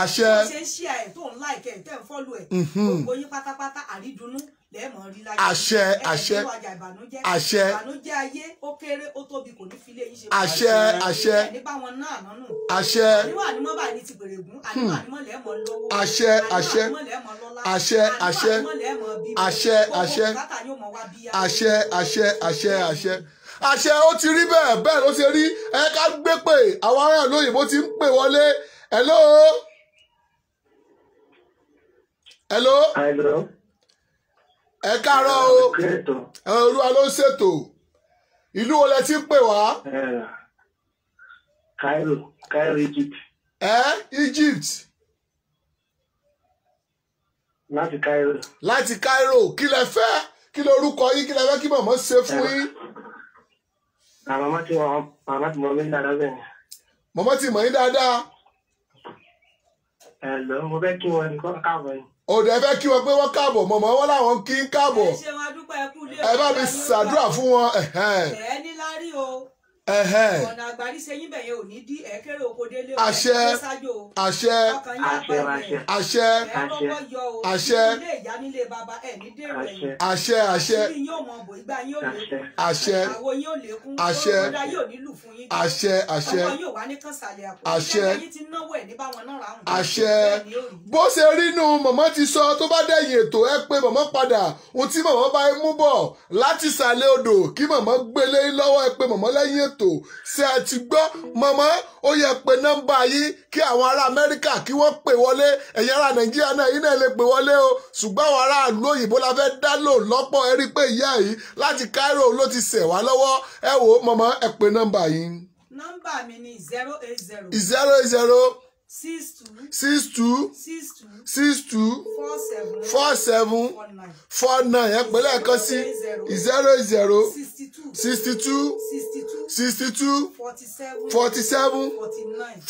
àṣẹ. ṣé ń ṣí ẹ̀ tó ń láìkẹ́ ẹ̀ tẹ́ ń fọ́lù ẹ̀. Mm-hmm. gbogbo yín pátápátá àrídùnnú lẹ́ẹ̀mọ́ rí láyé àṣẹ àṣẹ àṣẹ ìbànújẹ́ ayé ó kéré ó tóbi kò ní fi lé yín ṣe àṣẹ àṣẹ nípa wọn náà nánú àṣẹ àníwá ni mọ́ bá ní ti bèrè gún àníwá hmm. ni mọ́ lẹ́ẹ̀mọ́ lọ́wọ́ àṣẹ àṣẹ àṣẹ àṣẹ àṣẹ àṣẹ àṣẹ àṣẹ àṣẹ àṣẹ àṣẹ ó ti rí bẹ́ẹ̀ bẹ́ẹ̀ ló ṣe rí ẹ ká gbé pé àwọn aráàlú òyìnbó ti ń pè wọlé hello hello. hello ẹ káàárọ̀ o olúwa ló ṣètò ìlú wo lẹ ti pè wá. Cairo Cairo Egypt. ẹ Egypt. láti Cairo. láti Cairo kí lẹ fẹ́ kí lorúkọ yín kí lẹ fẹ́ kí màmá ṣe fún yín. màmá ti mọ màmá ti mọ mí dáadáa bẹ́ẹ̀. màmá ti mọ yín dáadáa. ẹ lọ mo fẹ́ kí wọn kọ́ káwọn yìí òdẹ fẹ́ kí wọn pé wọ́n káàbọ̀ mọ̀mọ́ wọn láwọn kí ń káàbọ̀ ẹ bá mi ṣàdúrà fún wọn. ẹ ní lárí o ọ̀nà àgbàríṣẹ́yìn bẹ̀yẹ ò ní dí ẹ̀kẹ́rẹ́ oko délé ò ní ṣáájú o àṣẹ àṣẹ àṣẹ àṣẹ ilé ìyá nílé bàbá ẹ̀ ní dèrò ẹ̀yìn àṣẹ àṣẹ ìlú yóò mọ bò ìgbà yóò lékún àṣẹ àwo yóò lékún àṣẹ ọ̀dà yóò nílù fún yín àṣẹ àṣẹ ọkọ yóò wá ní kànsálẹ̀ àpò àṣẹ ẹ̀yìn ti náwó ẹ̀ ní báwọn náà ráhùn àṣẹ bó ṣe rí nu mọ̀mọ́ ti sọ tó bá dẹ̀yìn ètò ẹ pé mọ̀mọ́ padà ohun tí mọ̀mọ́ bá mú bọ̀ láti sàlẹ̀ odò kí mọ̀mọ́ gbélé lọ́wọ́ ẹ pé mọ̀mọ́ lẹ́yìn ètò ètò ṣé ẹ ti gbọ́ màmá ó yẹ pé nọ́mbà yìí kí àwọn ará amẹ́ríkà kí wọ́n pè wọlé ẹ̀yin ará nàìjíríà náà yìí náà lè pè wọlé o ṣùgbọ́n àwọn ará ìlú òyìnbó la fẹ́ dá lò lọ́pọ̀ ẹ rí pé ìyá yìí láti cairo ló ti ṣẹ̀ wá lọ́wọ́ ẹ wò màmá ẹ pè nọ́mbà yìí. nọ́mbà mi ni zero eight zero. zero eight zero six two six two six two four seven four nine ẹ pẹ̀lẹ́ ẹ̀kan sí zero zero sixty two sixty two forty seven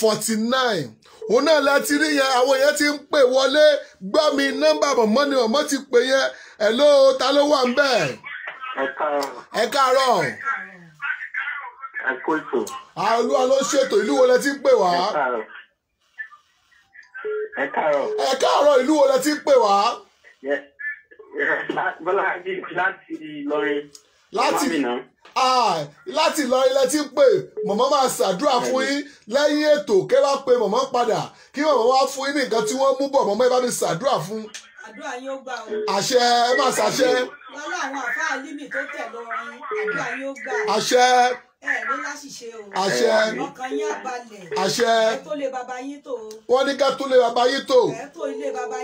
forty nine òun náà láti rí yẹn àwọn yẹn ti ń pè wọlé gbọ́ mi nọ́mbà mọ̀mọ́ ni mọ̀mọ́ ti pè yẹn hello ta ló wà ń bẹ̀. ẹ káàárọ̀. ẹ kó ètò. àlọ́ àlọ́ ṣètò ìlú wo lẹ ti ń pè wá. ẹ káàárọ̀ ẹ káàárọ̀. ẹ káàárọ̀ ìlú wo lẹ ti ń pè wá. bọ́lá láti Ìlọrin. láti láti Ìlọrin lẹ ti ń pè mọ̀mọ́ máa ṣàdúrà fún yín lẹ́yìn ètò kẹ́ wá pe. mọ̀mọ́ padà kí mọ̀mọ́ wá fún yín ní nǹkan tí wọ́n mú bọ̀ mọ̀mọ́ ẹ bá mi ṣàdúrà fún. àdúrà yín ó gbà o. àṣẹ ẹ má ṣàṣẹ. lọ́lá àwọn àfáà límì tó tẹ̀ lọ́rin àdúrà yín ó gbà. àṣẹ ẹ̀mí láṣìṣe o àṣẹ ọkàn yín àbalẹ̀ àṣẹ ẹ̀tọ́ lé baba yín tò wọ́n ní ká tó lé baba yín tò ẹ̀tọ́ ilé baba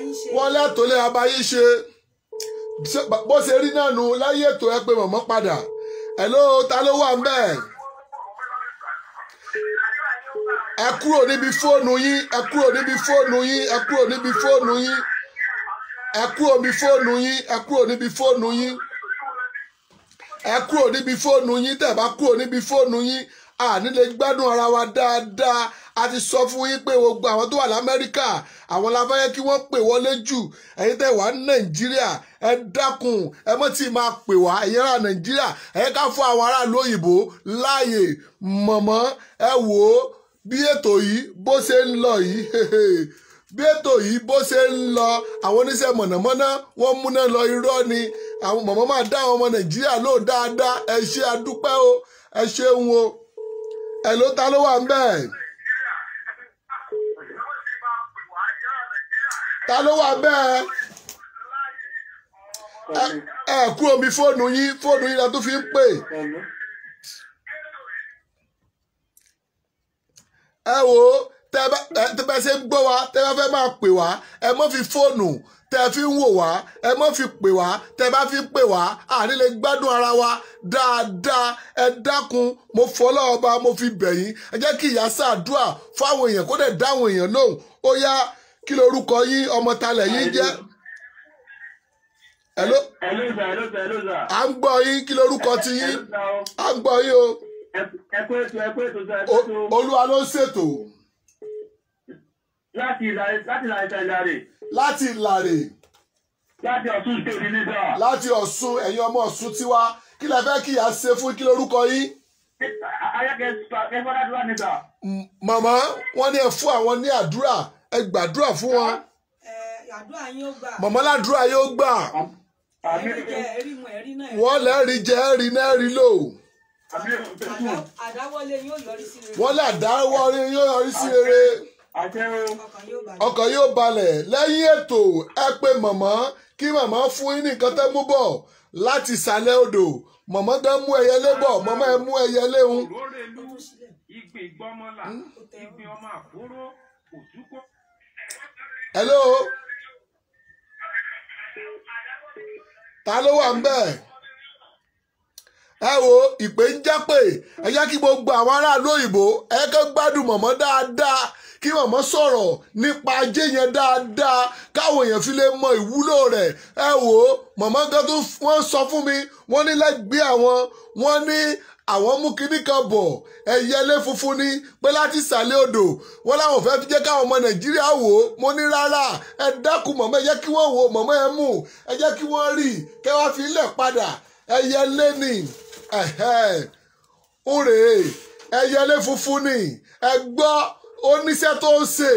yín ṣe yín ṣe bó ṣe rí náà nu láyé ètò ẹ pé mọ̀mọ́ padà ẹ ló ta ló wà ń bẹ̀ ẹ kúrò níbi fóònù yín ẹ kúrò níbi fóònù yín ẹ kúrò níbi fóònù yín ẹ kúrò níbi fóònù yín ẹ kúrò níbi fóònù yín ẹ kúrò níbi fóònù yín tẹ̀ bá kúrò níbi fóònù yín àní lè gbádùn ara wa dáadáa a ti sọ fún yín pé gbogbo àwọn tó wà lamẹ́ríkà àwọn la fẹ́ kí wọ́n pè wọlé jù ẹ̀yin tẹ̀ wá ní nàìjíríà ẹ dákun ẹ mọ̀ tí máa pè wá ẹ̀yin ará nàìjíríà ẹ ká fún àwọn aráàlú òyìnbó láàyè mọ̀mọ́ ẹ wò ó bí ètò yìí bó ṣe ń lọ yìí bí ètò yìí bó ṣe ń lọ àwọn oníṣẹ́ mọ̀nàmọ́ná wọ́n múná lọ irọ́ ni àwọn mọ̀mọ́ máa dá àwọn ọmọ nàìjíríà lò dáadáa ẹ ṣe àdúpẹ́ o ẹ ṣeun o ẹ ló ta ló wà ń bẹ́ẹ̀. ta ló wà bẹ́ẹ̀ ẹ kú omi fóònù yín fóònù yín la tó fi ń pè ẹ wò ó tẹ́ bá ṣe ń gbọ́ wa tẹ́ bá fẹ́ máa pè wá ẹ mọ́ fi fóònù tẹ́ fi ń wò wá ẹ mọ́ fi pè wá tẹ́ bá fi pè wá àní lè gbádùn ara wa dáadáa ẹ dákun mo fọlọ́ ọba mo fi bẹ̀yìn ẹ jẹ́ kí ìyá ṣàdúà fáwọn èèyàn kó dẹ̀ dáwọn èèyàn lóhùn ó yá kí lorúkọ yín ọmọ talẹ̀ yín jẹ́. Hello. À ń gbọ́ yín kí lorúkọ ti yín? À ń gbọ́ yín o. Ẹ kú ètò, ẹ kú ètò sir, ẹ kú ètò. Olúwa ló ń ṣètò láti ìlàrè láti ìlàrè. láti ìlàrè. láti ọ̀ṣun stéèdì nígbà. láti ọ̀ṣun ẹ̀yin ọmọ ọ̀ṣun tiwa kí lẹ fẹ́ kí ìyá ṣe fún kí lórúkọ yín. màmá wọ́n ní ẹ fún àwọn ní àdúrà ẹ gbàdúrà fún wọn. màmá ládùúrà yóò gbà. wọ́n lẹ́rìí jẹ́ ẹ̀rí náà rí lò wọ́n lè àdáwọ́lé yóò yọrí sí rere ọkàn yóò balẹ̀ lẹ́yìn ètò ẹ pé mọ̀mọ́ kí mọ̀mọ́ fún yín nìkan tẹ́ mú bọ̀ láti ìsàlẹ̀ odò mọ̀mọ́ gan mú ẹyẹ lé bọ̀ mọ̀mọ́ ẹ mú ẹyẹ lé hun. hello ta ló wà ń bẹ́ẹ̀ ẹ wo ìpè ń jápè ẹ jẹ́ kí gbogbo àwọn aráàlú òyìnbó ẹ kẹ́ gbádùn mọ̀mọ́ dáadáa kí mọ̀mọ́ sọ̀rọ̀ nípa ajé yẹn dáadáa káwọn èèyàn fi lè mọ ìwúlò rẹ̀ ẹ wo mọ̀mọ́ gan tó wọ́n sọ fún mi wọ́n ní lẹ́gbẹ̀ẹ́ àwọn wọ́n ní àwọn mú kinní kan bọ̀ ẹyẹlé funfun ni pé láti sàlẹ̀ odò wọn láwọn fẹ́ fi jẹ́ káwọn ọmọ nàìjíríà wò ó mo ní rárá ẹ dákun mọ̀mọ́ ẹ jẹ́ kí wọ́n wò mọ̀mọ́ ẹ mú ẹ jẹ́ kí wọ́n rí kẹ́ fi ilẹ̀ padà ẹyẹlé ni ó rèé ẹyẹlé funfun ni ẹ gbọ́ oníṣẹ́ tó ń ṣe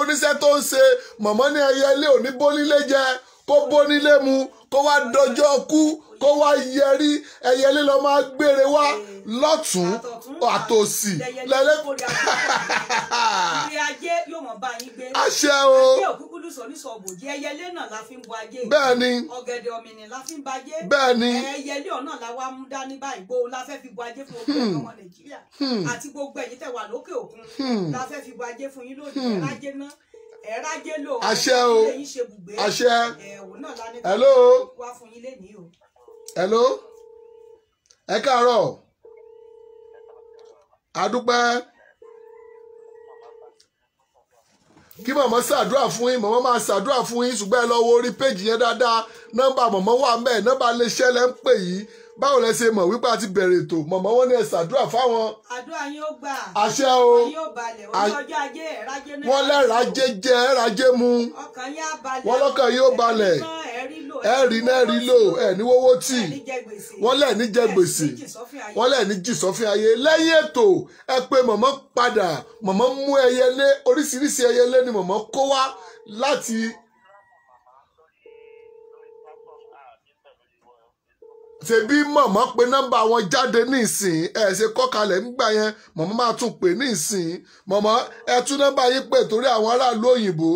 oníṣẹ́ tó ń ṣe mọ̀mọ́ ní ẹyẹlé òní bólílé jẹ́ kó bónílé mu kó wá dọjọ́ kú kó wá yẹrí ẹyẹlé lọ máa gbére wá lọ́tún àtòsí lẹ́lẹ́. àṣẹ o. bẹ́ẹ̀ ni. bẹ́ẹ̀ ni. àti hmm. gbogbo hmm. ẹ̀yin hmm. tẹ̀ wà lókè òkun la fẹ́ fi bọ ajé fún yín lónìí ajé náà ẹ̀rájẹ́ lò o àṣẹ hello hello ẹ káàárọ̀ adúpẹ́ kí màmá ṣàdúrà fún yín màmá máa ṣàdúrà fún yín ṣùgbọ́n ẹ lọ wo orí péjì yẹn dáadáa nọ́mbà màmá wà ń nọ́mbà lè ṣẹlẹ̀ ń pè yìí báwo lẹ ṣe mọ̀ wípé a ti bẹ̀rẹ̀ ètò mọ̀mọ́ wọn ní ẹ ṣàdúrà fáwọn. àdúrà yóò gbà àṣẹ o wọn lẹ́ra jẹjẹ ẹ̀ra jẹ mu wọn lọ́kàn yóò balẹ̀ ẹ̀rí náà rí lò ẹ̀ ní wọ́wọ́ tì wọ́n lẹ̀ ní jẹ gbèsè wọ́n lẹ̀ ní jì sọ́fín ayé lẹ́yìn ètò ẹ pé mọ̀mọ́ padà mọ̀mọ́ mú ẹyẹlé oríṣiríṣi ẹyẹlé ni mọ̀mọ́ kó wá láti ṣebí mọ̀mọ́ pé nọ́mbà wọn jáde nísìn ẹ̀ ṣe kọ́kalẹ̀ ńgbà yẹn mọ̀mọ́ máa tún pè nísìn mọ̀mọ́ ẹ tún nọ́mbà yín pè torí àwọn aráàlú òyìnbó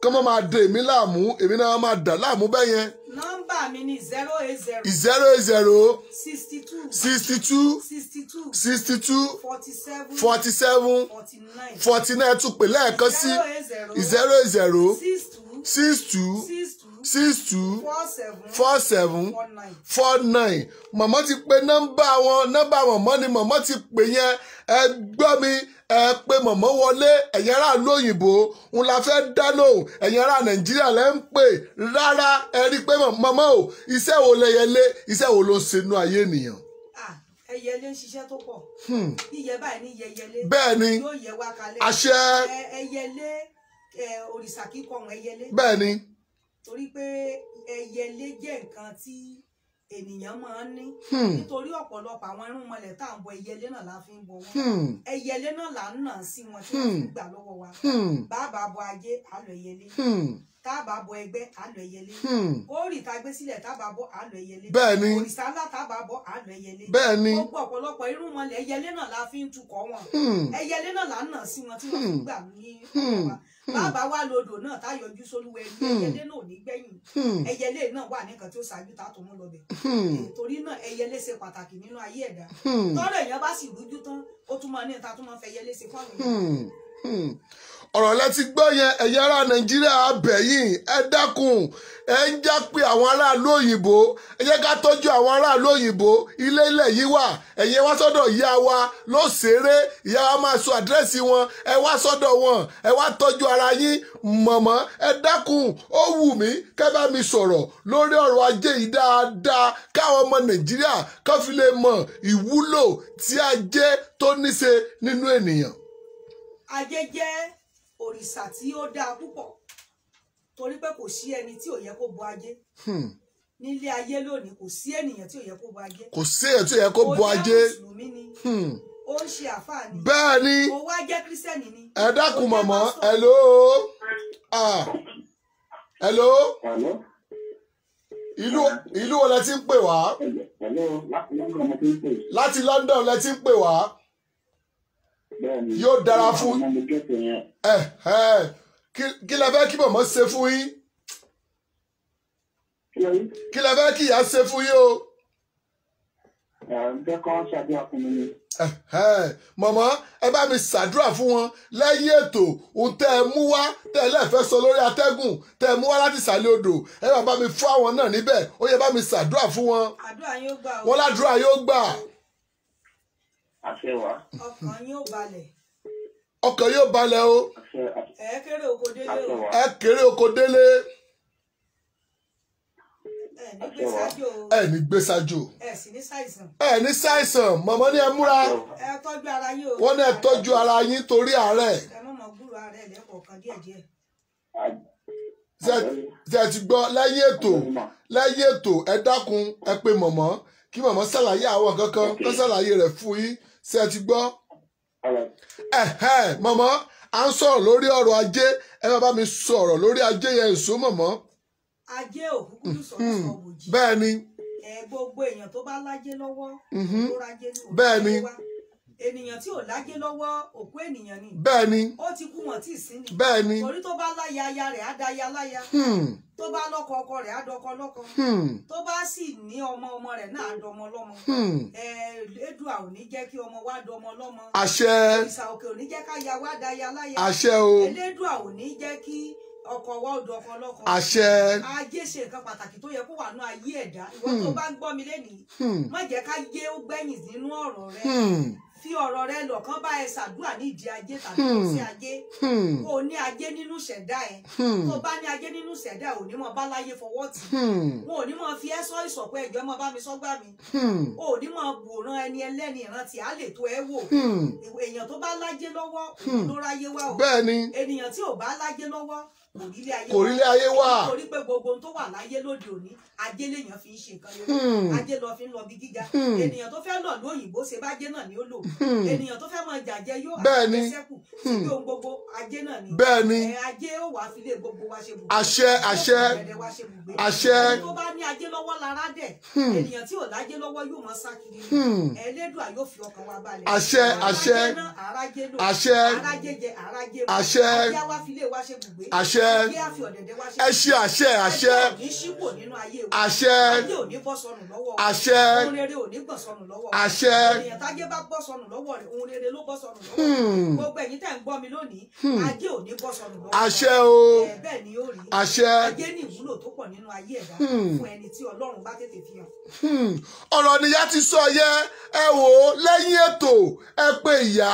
kí wọ́n máa dè mí láàmú èmi náà máa dà láàmú bẹ́ẹ̀ yẹn. nọ́mbà mi ni zero eight zero. zero eight zero. sixty two. sixty two. sixty two. sixty two. forty seven. forty nine. forty nine tún pè lẹ́ẹ̀kan sí. zero eight zero. zero eight zero. six two. six two. six two six two four seven four nine mọ̀mọ́ ti pe nọ́mbà wọn nọ́mbà mọ̀mọ́ ni mọ̀mọ́ ti pè yẹn ẹ gbọ́ mi ẹ pé mọ̀mọ́ wọlé ẹ̀yin ará lóyìnbó ń la fẹ́ dá lóhùn ẹ̀yin ará nàìjíríà lẹ́ ń pè rárá ẹ rí i pé mọ̀mọ́ o iṣẹ́ wo lẹ yẹlé iṣẹ́ wo ló ń ṣe inú ayé ènìyàn. ẹyẹlé ń ṣiṣẹ́ tó pọ̀ yíyẹ hmm. báyìí ní yẹyẹlé bẹ́ẹ̀ ni yóò yẹ wá kalẹ̀ àṣẹ ẹyẹlé òrìṣà kíkọ̀ ẹyẹlé bẹ́ẹ̀ torí pé ẹyẹlé jẹ́ nǹkan tí ènìyàn máa ń ní hmm. nítorí ọ̀pọ̀lọpọ̀ àwọn irúnmọlẹ̀ tá à ń bọ ẹyẹlé náà la ń bọ wọn hmm. ẹyẹlé náà là ń nà sí wọn tí wọ́n hmm. fi gbà lọ́wọ́ wa bàbá bọ ajé àlọ́ ẹyẹlé tábà bọ ẹgbẹ́ àlọ́ ẹyẹlé kórì hmm. tá gbé sílẹ̀ tábà bọ àlọ́ ẹyẹlé bẹ́ẹ̀ni òrìṣà ńlá tábà bọ àlọ́ ẹyẹlé bẹ́ẹ̀ni gbogbo ọ̀pọ̀lọpọ̀ irú wọn lẹ ẹyẹlé náà la fi ń tukọ̀ wọn hmm. ẹyẹlé náà la ń nà sí wọn tí wọ́n fi hmm. gbà ní bàbá wa lodò náà tá yọjú sólúwẹ ní ẹyẹlé náà ò ní gbẹ̀yìn ẹyẹlé náà wà nìkan tí ó ṣáájú tá tó mú lọbẹ eh, torí náà ẹyẹlé ṣe pàtàkì nínú ayé ẹ̀dá tọrọ èèyàn bá sì rújú tán ó tún máa ní ìta tó máa fẹ́ ẹyẹlé ṣe fáwọn èèyàn ọ̀rọ̀ lẹ́tí gbọ́ yẹn ẹ̀yẹ́ ara nàìjíríà abẹ̀yìn ẹ dákun ẹ ń já pé àwọn aráàlú òyìnbó ẹ jẹ́ ká tọ́jú àwọn aráàlú òyìnbó ilé ilẹ̀ yìí wà ẹ̀yin wá sọ́dọ̀ ìyá wa ló ṣeré ìyá wa máa sọ àdírẹ́sì wọn ẹ wá sọ́dọ̀ wọn ẹ wá tọ́jú ara yín mọ̀mọ́ ẹ dákun ó wù mí kẹ́ bá mi sọ̀rọ̀ lórí ọ̀rọ̀ ajé yìí dáadáa káwọn ọmọ nàìjíríà kọ́ fi lè mọ ìwúlò tí ajé tó níṣe nínú ènìyàn. ajé jẹ́ òrìṣà tí ó dáa púpọ̀ torí pé kò sí ẹni tí ò yẹ kó bo ajé hmm. nílé ayé lónìí kò sí ènìyàn tí ò yẹ kó bo ajé kò sí ènìyàn tí ò yẹ kó bo ajé hmm. ó ń ṣe àfáà bẹ́ẹ̀ ni mo wá jẹ́ kírísítẹ́nì ni ẹ dákun mọ̀mọ́ ẹ ló ìlú ìlú wo lẹ ti ń pè wá láti London lẹ ti ń pè wá yóò dára fún ẹ ẹ eh, eh. kí lẹ fẹ́ kí mọ̀mọ́ ṣe fún yín kí lẹ fẹ́ kí ìyá ṣe fún yín o. Eh, mọ̀mọ́ ẹ bá mi ṣàdúrà fún wọn lẹ́yìn ètò ohun tẹ́ ẹ mú wá tẹ́ ẹ lẹ́ẹ̀fẹ́ sọ lórí atẹ́gùn tẹ́ ẹ mú wá láti ìsàlẹ̀ odò ẹ bá mi fún àwọn náà níbẹ̀ ó yẹ bá mi ṣàdúrà fún wọn. àdúrà yóò gbà. wọ́n ládùúrà yóò gbà. Mm -hmm àṣẹ wa. ọkàn yóò balẹ̀. ọkàn yóò balẹ̀ o. ẹ kéré oko délé o. ẹ kéré oko délé. ẹ ní gbé ṣáájú. ẹ sì ní ṣàìsàn. ẹ ní ṣàìsàn mọ̀mọ́ ni ẹ múra. ẹ tọ́jú ara yín o. wọ́n ní ẹ tọ́jú ara yín torí àárẹ̀. ẹ mọ̀ mọ̀ gbúrò àárẹ̀ lẹ́kọ̀ọ̀kan díẹ̀díẹ̀ ṣe ti gbọ́ lẹ́yìn ètò lẹ́yìn ètò ẹ dákun ẹ pé mọ̀mọ́ kí mọ̀mọ́ ṣàlàyé àwọn kankan tó ṣàlàyé rẹ̀ fún yín ṣe ti gbọ́ mọ̀mọ́ à ń sọ̀rọ̀ lórí ọ̀rọ̀ ajé ẹ bá bá mi sọ̀rọ̀ lórí ajé yẹn èso mọ̀mọ́. ajé òkúkú sọ̀rọ̀ hmm, sọ̀rọ̀ bòjì. bẹ́ẹ̀ ni. gbogbo èèyàn tó bá lájé lọ́wọ́ mm-hmm. ló rájé ní òkúkú wá. ènìyàn tí ò lágé lọ́wọ́ òkú ènìyàn ni. bẹ́ẹ̀ ni. ó ti kú wọn tí ì ni. bẹ́ẹ̀ ni. torí tó bá láya aya rẹ̀ á da aya láya. Hmm. tó bá lọ́kọ ọkọ rẹ̀ á dọkọ lọkọ. Hmm. tó bá sì ní ọmọ ọmọ rẹ̀ náà á dọmọ lọ́mọ. Èdùà hmm. àwọn ní jẹ́ kí ọmọ wa dọmọ lọ́mọ. àṣẹ. ìsà òkè káya wa da láya. àṣẹ o. Elédùà ò fi ọ̀rọ̀ rẹ lọ̀kàn bá ẹ ṣàdúrà ní ìdí ajé tàbí ọ̀sẹ̀ hmm. ajé hmm. kó o ní ajé nínú ṣẹ̀dá ẹ hmm. tó o bá ní ajé nínú ṣẹ̀dá ò ní mọ bá láyé fọwọ́ tì wọn ò ní mọ fi ẹ sọ ìsọ̀pọ̀ ẹ̀jọ́ mọ bá mi sọ́gbà mi ò ní mọ wòran ẹni ẹlẹ́ni ìrántí á ẹ wò èèyàn tó bá lájé lọ́wọ́ ló ráyé wá o ènìyàn tí ò bá lájé lọ́wọ́ kò rí ilé ayé wà. torí pé gbogbo tó wà láyé lóde òní ajé lèèyàn fi ń ṣe nǹkan lórí hmm. ajé lọ fi ń lọ bí gíga hmm. ènìyàn tó fẹ́ lọ lóyìnbó ṣe bá jẹ́ náà ni ó lò hmm. ènìyàn tó fẹ́ máa jàjẹ yóò àti ẹsẹ̀kù síbi ohun gbogbo ajé náà ni bẹ́ẹ̀ni ajé ó wà fi gbogbo wa ṣe bùgbé àṣẹ àṣẹ àṣẹ tó bá ní ajé lọ́wọ́ lára dẹ̀ ènìyàn tí ò lájé lọ́wọ́ yóò máa sá kiri ẹlẹ́dùà yóò fi ọkàn wa balẹ̀ àṣẹ àṣẹ àṣẹ àṣẹ àṣẹ ẹṣẹ àṣẹ àṣẹ àṣẹ àṣẹ àṣẹ. Hmm. Hmm. àṣẹ o àṣẹ hmm. ọ̀rọ̀ nìyá ti sọ yẹ ẹ wò ó lẹ́yìn ètò ẹ pé ìyá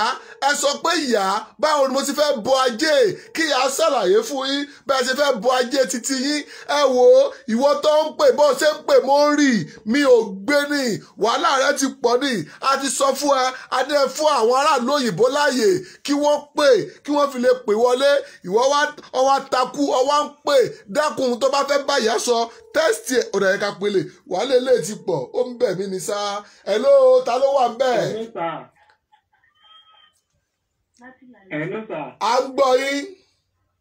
ẹ sọ pé ìyá báwo ni mo ti fẹ́ bọ ajé kí ìyá ṣàlàyé fún yín bẹ́ẹ̀ ṣe fẹ́ bọ ajé títí yín ẹ wò ó ìwọ tó ń pè bó ṣe ń pè mọ́ rì mi ò gbé ni wàhálà rẹ ti pọ̀ ni a ti sọ fún ẹ a ní ẹ fún àwọn aráàlú òyìnbó láàyè kí wọ́n pè kí wọ́n fi lè pè wọlé ìwọ wá takú ọwá ń pè dákun tó bá fẹ́ báyà sọ tẹ́sítì ọ̀dà ẹ̀ka pele wàhálà ilé ti pọ̀ ó ń bẹ̀ mí ni sá ẹ̀ ló ta ló wà ń bẹ̀. à ń gbọ́ yín.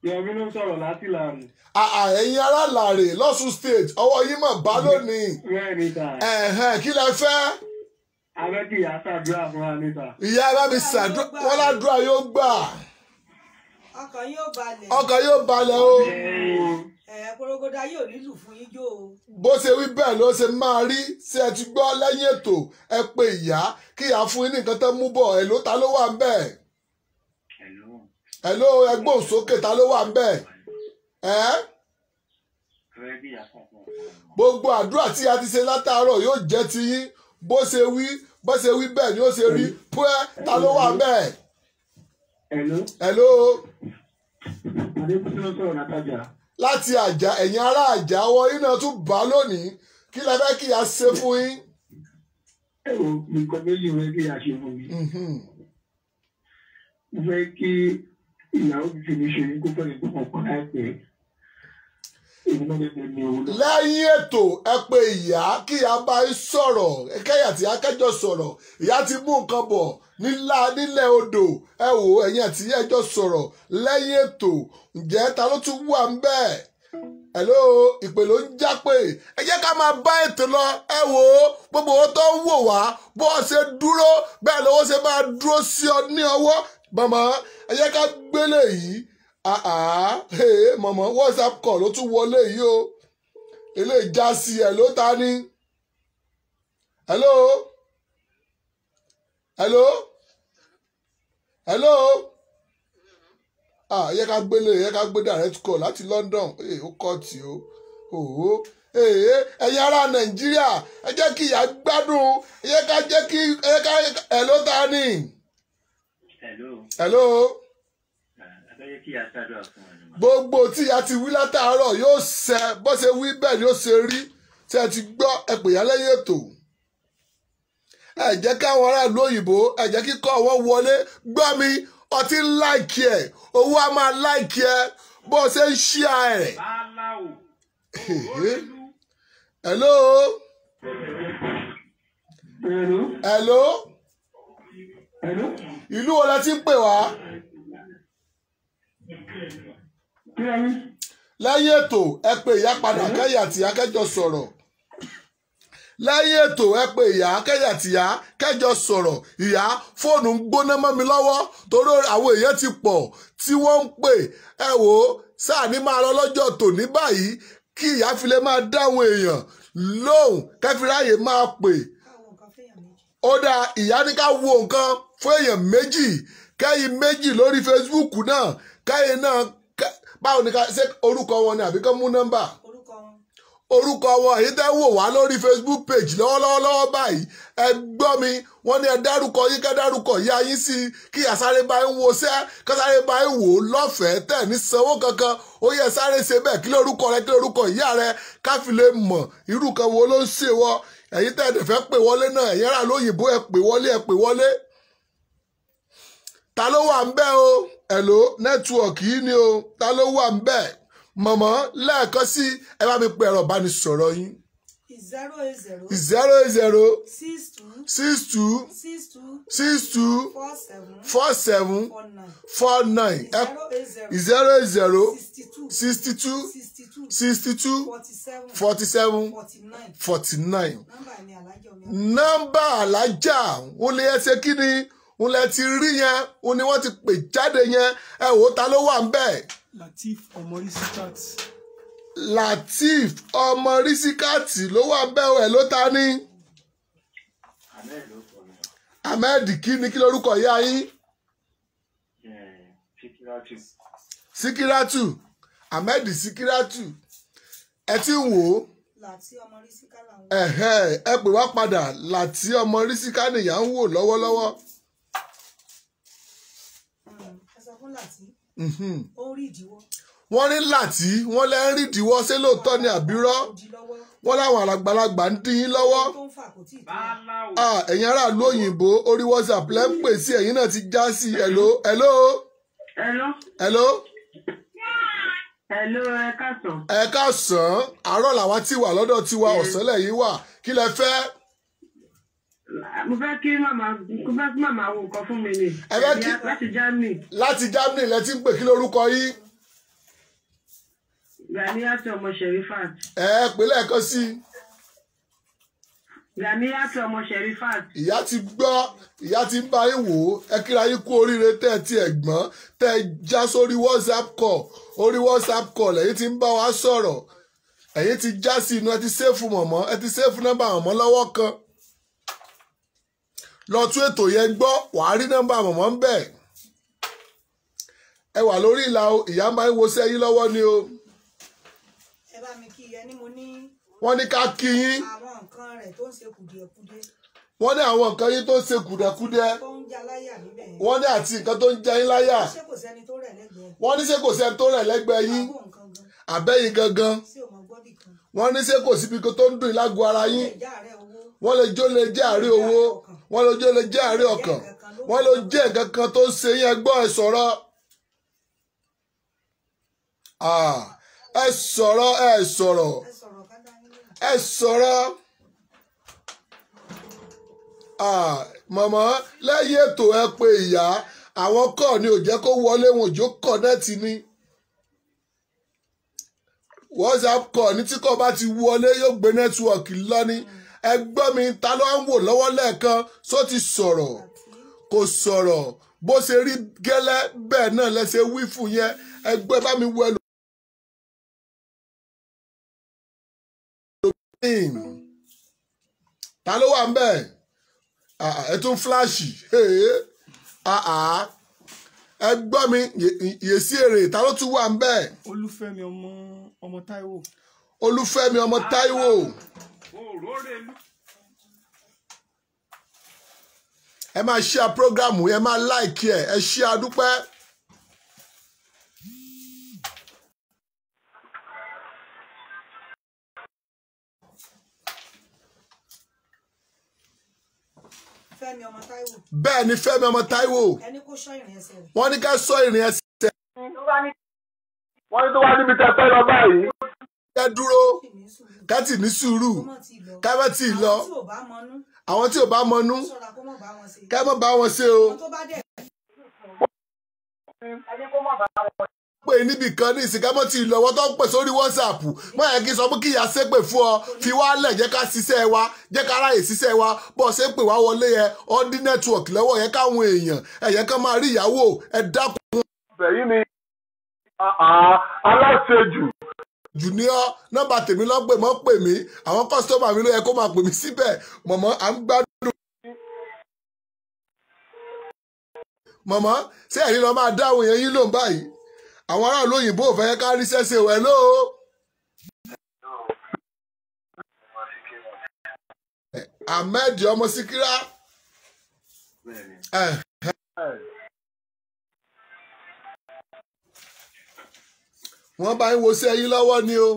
Yẹmi ló sọ̀rọ̀ láti làrè. àà ah, ah, ẹ̀yin ará làrè lọ́sùn state ọwọ́ yìí mà bá lónìí. bẹ́ẹ̀ni ta. ẹ̀hẹ̀n kí lẹ fẹ́. abẹ́ kí ìyá ṣàdúrà fún wa níta. ìyá ara mi ṣàdúrà wọn ládùúrà yóò gbà. ọkàn yóò balẹ̀. ọkàn yóò balẹ̀ o. Porogoda yóò nílù fún ijó o. Bó ṣe wí bẹ́ẹ̀ ló ṣe máa rí ṣé ẹ ti gbọ́ lẹ́yìn ètò ẹ pé ìyá kí ìyá fún yín ní nǹkan tó mú bọ̀ ẹ̀ ló ta ló wà ń bẹ́ẹ̀ ẹ ló ẹgbọ́n sókè ta ló wà ń bẹ̀ ẹ́ gbogbo àdúrà tí a ti ṣe látàárọ̀ yóò jẹ́ ti yín bó ṣe wí bó ṣe wí bẹ́ẹ̀ ni ó ṣe rí pẹ́ ta ló wà bẹ́ẹ̀. hello. láti àjà ẹ̀yin ará àjà wọ iná tún bá lónìí kí lẹ fẹ́ kí a ṣe fún yín. ẹ o nǹkan méjì fẹ́ kí a ṣe fún mi. Mhm. mo fẹ́ kí ìyàwó mi fi mi ṣe kó fẹ́rẹ̀ tó mọ̀ pọ̀ láìpẹ́ lẹ́yìn ètò ẹ pé ìyá kí a bá ń sọ̀rọ̀ ẹkẹ́yà tí akẹ́jọ sọ̀rọ̀ ìyá ti mú nǹkan bọ̀ nílá nílẹ̀ odò ẹ wò ẹ̀yìn àti ẹjọ́ sọ̀rọ̀ lẹ́yìn ètò ǹjẹ́ ta ló tún wà ń bẹ́ẹ̀ hello ìpè ló ń já pé ẹ jẹ́ ká máa bá ètò lọ ẹ wò ó gbogbo owó tó ń wò wá bó ṣe dúró bẹ́ẹ̀ lówó ṣe máa dúró sí ọ ní ọwọ́ màmá ẹ yẹ ká gbélé yìí àá ah, ah, màmá whatsapp call ló tún wọlé yìí o ilé ìjà sí ẹ ló ta ni hello hello hello ah yẹ ká gbélé yẹ ká gbé direct call láti London ó kọ́ tí o òwò ẹ̀yin ará Nàìjíríà ẹ jẹ́ kí ìyá gbádùn ẹ jẹ́ ká jẹ́ kí ẹ ká ẹ̀ ló ta ni hello. Eh, gbogbo tí a ti wí látàárọ̀ yóò ṣẹ bó ṣe wí bẹ́ẹ̀ ni ó ṣe rí tí ẹ ti gbọ́ ẹ pè yá lẹ́yìn ètò ẹ jẹ́ káwọn aráàlú òyìnbó ẹ jẹ́ kíkọ́ ọwọ́ wọlé gbọ́ mi ọtí láìkí ẹ owó a máa láìkí ẹ bó o ṣe ń ṣí a ẹ. hello. hello. hello ìlú wo la ti ń pè wá. lẹ́yìn ètò ẹ pé ìyá padà kẹ́yà tìyá kẹ́jọ sọ̀rọ̀ lẹ́yìn ètò ẹ pé ìyá kẹ́yà tìyá kẹ́jọ sọ̀rọ̀ ìyá fóònù ń gbóná mọ́ mi lọ́wọ́ torí àwọn èèyàn ti pọ̀ tí wọ́n ń pè ẹ wò ó sáà ní máa lọ lọ́jọ́ tòní báyìí kí ìyá fi lè máa dáhùn èèyàn lóhùn kẹfìráyè máa pè ó dáa ìyá ní ká wo nǹkan fún èèyàn méjì kẹ́yìn méjì lórí Facebook náà kẹ́yìn náà báwo ni ká ṣe orúkọ wọn ni àbí kán mú nọ́mbà orúkọ wọn èyí tẹ́ wò wá lórí Facebook page lọ́wọ́lọ́wọ́ báyìí ẹ gbọ́ mi wọ́n ní ẹ dárúkọ yín ká dárúkọ ìyá yín sí i kí àsáré bá ń wọṣẹ́ kásáré bá ń wò ó lọ́fẹ̀ẹ́ tẹ̀ ní sanwó kankan ó yẹ sáré ṣe bẹ́ẹ̀ kí lórúkọ rẹ kí lórúkọ ìyá rẹ káfí lè mọ̀ irú kan wo ló ń ṣe wọ èyí tẹ́ ẹ fẹ́ pè wọlé náà ẹ̀yẹ́rà lóyìnbó ẹ pè wọlé ẹ pè wọlé ta ló wà ń bẹ̀ o ẹ̀lò nẹ́tíwọ̀kì yìí ni o ta ló wà ń bẹ̀ mọ̀mọ́ lẹ́ẹ̀kan sí ẹ bá mi pe ẹ̀rọ ìbánisọ̀rọ̀ yín. zero zero. zero zero. six two. six two. six two. four seven. four seven. four nine. zero zero. sixty two. sixty two. sixty two. forty seven. forty nine. nọ́mbà alájà ó lè ẹsẹ̀ kí ni n lẹ ti rí yẹn n ni wọ́n ti pè jáde yẹn ẹ wò ta ló wà ń bẹ̀. Latif ọmọ risikat. Latif ọmọ risikati ló wà ń bẹ̀ ẹ̀ ló ta ní. Ahmed kí ni kí lorúkọ ìyá yín. Sikiratu Ahmed Sikiratu ẹ ti wò ó ẹ pè wá padà láti ọmọ rísíkà nìyà ń wò lọ́wọ́lọ́wọ́. láti mhm. ó rí ìdíwọ́. wọ́n rí láti wọ́n lẹ́ ń rí ìdíwọ́ ṣé lóòótọ́ ni àbírọ́ wọ́n láwọn àgbàlagbà ń dín yín lọ́wọ́ ah, ẹ̀yin aráàlú òyìnbó orí WhatsApp lẹ́ ń pè sí ẹ̀yin náà ti já sí hello hello. hello. hello hello ẹ káàsán. ẹ káàsán àárọ̀ làwa ti wà lọ́dọ̀ tiwa ọ̀sán lẹ́yìn wà kí lẹ fẹ́ mo fẹ́ kí màmá mo fẹ́ kí màmá wo nǹkan fún mi ni. ẹ fẹ́ kí láti Germany. láti Germany lẹ ti ń pè kí lórúkọ yín. Ganiyatu ọmọ Sherifat. ẹ ẹ pè lẹ́ẹ̀kan sí i. Ganiyatu ọmọ Sherifat. ìyá ti gbọ́ ìyá ti ń bá yín wò ó ẹ kíra yín kú oríire tẹ́ ẹ ti ẹ̀gbọ́n tẹ́ ẹ já sórí WhatsApp call orí WhatsApp call ẹ̀yin ti ń bá wa sọ̀rọ̀ ẹ̀yin ti já sí inú ẹ ti ṣèfù mọ̀mọ́ ẹ ti ṣèfù nọ́mbà mọ̀mọ́ lọ́wọ́ kan lọ tún ètò yẹn gbọ́ wàá rí nọ́mbà mọ̀mọ́ ń bẹ̀ ẹ wà lórí ìlà o ìyá máa ń wo sí ẹ̀yin lọ́wọ́ ni o. ẹ bá mi kí ìyẹn ni mo ní. wọ́n ní ká kí yín. àwọn nǹkan rẹ̀ tó ń ṣe kùdìẹ̀kudiẹ. wọ́n ní àwọn nǹkan yín tó ń ṣe kùdìẹ̀kudiẹ. tó wọ́n ní àti nǹkan tó ń ja yín láyà. wọ́n ní ṣé kò sẹ́ni tó rẹ̀ lẹ́gbẹ̀ẹ́. yín. àbẹ́yìn gangan. wọ́n ní ṣé kò síbi tó ń dùn lágọ̀ọ́ ara yín wọ́n lè jó lè jẹ́ àárẹ̀ owó wọ́n lè jó lè jẹ́ àárẹ̀ ọkàn wọ́n lè jẹ́ nǹkan kan tó ń ṣe yín ẹgbọ́n ẹ sọ̀rọ̀ ẹ sọ̀rọ̀ ẹ sọ̀rọ̀ ẹ sọ̀rọ̀ màmá lẹ́yìn ètò ẹ pé ìyá àwọn kọ́ ni ò jẹ́ kó wọlé wọn òjò kọ̀ náà ti ní WhatsApp kọ̀ ní tí kò bá ti wọlé yóò gbé nẹ́tíwọ̀kì lọ ní. Mm ẹ gbọ́ mi ta ló ń wò lọ́wọ́ lẹ́ẹ̀kan só ti sọ̀rọ̀ kò sọ̀rọ̀ bó ṣe rí gẹ́lẹ́ bẹ́ẹ̀ náà lẹ ṣe wí fún yẹn ẹ gbọ́ bá mi wọ ẹlòmíràn ta ló wà ń bẹ̀ ẹ tún fúláṣì ẹ mi yèsí èrè ta ló tún wà ń bẹ̀. olúfẹ́mi ọmọ ọmọ táíwò. olúfẹ́mi ọmọ táíwò òrórèlú. ẹ máa share program ẹ máa like ẹ ẹ share adúpẹ́. bẹ́ẹ̀ ni Fẹ́mi ọmọ Táíwò wọ́n ní ká sọ ìrìn ẹsẹ̀. wọ́n ní tó wá níbi tẹ́ fẹ́ lọ báyìí dá dúró ká tì ní sùúrù ká má tì lọ àwọn tí ò bá mọnú ká má bá wọn ṣe o. pé níbi kan ní ìsìnká mọ́ ti ìlọ́wọ́ tó ń pè sórí wọ́sàpù mọ́ yẹn kí n sọ pé kí ìyá ṣépè fún ọ fi wá lẹ̀ jẹ́ ká ṣiṣẹ́ wa jẹ́ ká ráyè ṣiṣẹ́ wa bọ́ ṣe pè wá wọlé yẹn ọ́ dín nẹ́tíwọ̀kì lọ́wọ́ yẹn káwọn èèyàn ẹ̀yẹ kan máa rí ìyàwó ẹ̀ dákun. bẹ̀yìn ni aláṣejù junior nọ́mbà tèmi lọ́pẹ̀ mọ́ pè mí àwọn kọ́sítọ́mà mi ló yẹ kó máa pè mí síbẹ̀ mọ̀mọ́ à ń gbádùn. mọ̀mọ́ ṣé ẹ̀yin lọ́ọ́ máa dá àwọn yín lóun báyìí àwọn aráàlú òyìnbó ò fẹ́ ká rí sẹ́sẹ̀ wẹ̀ lóo. ahmed ọmọ síkírá. wọ́n bá ń wo sí ẹyin lọ́wọ́ ni o.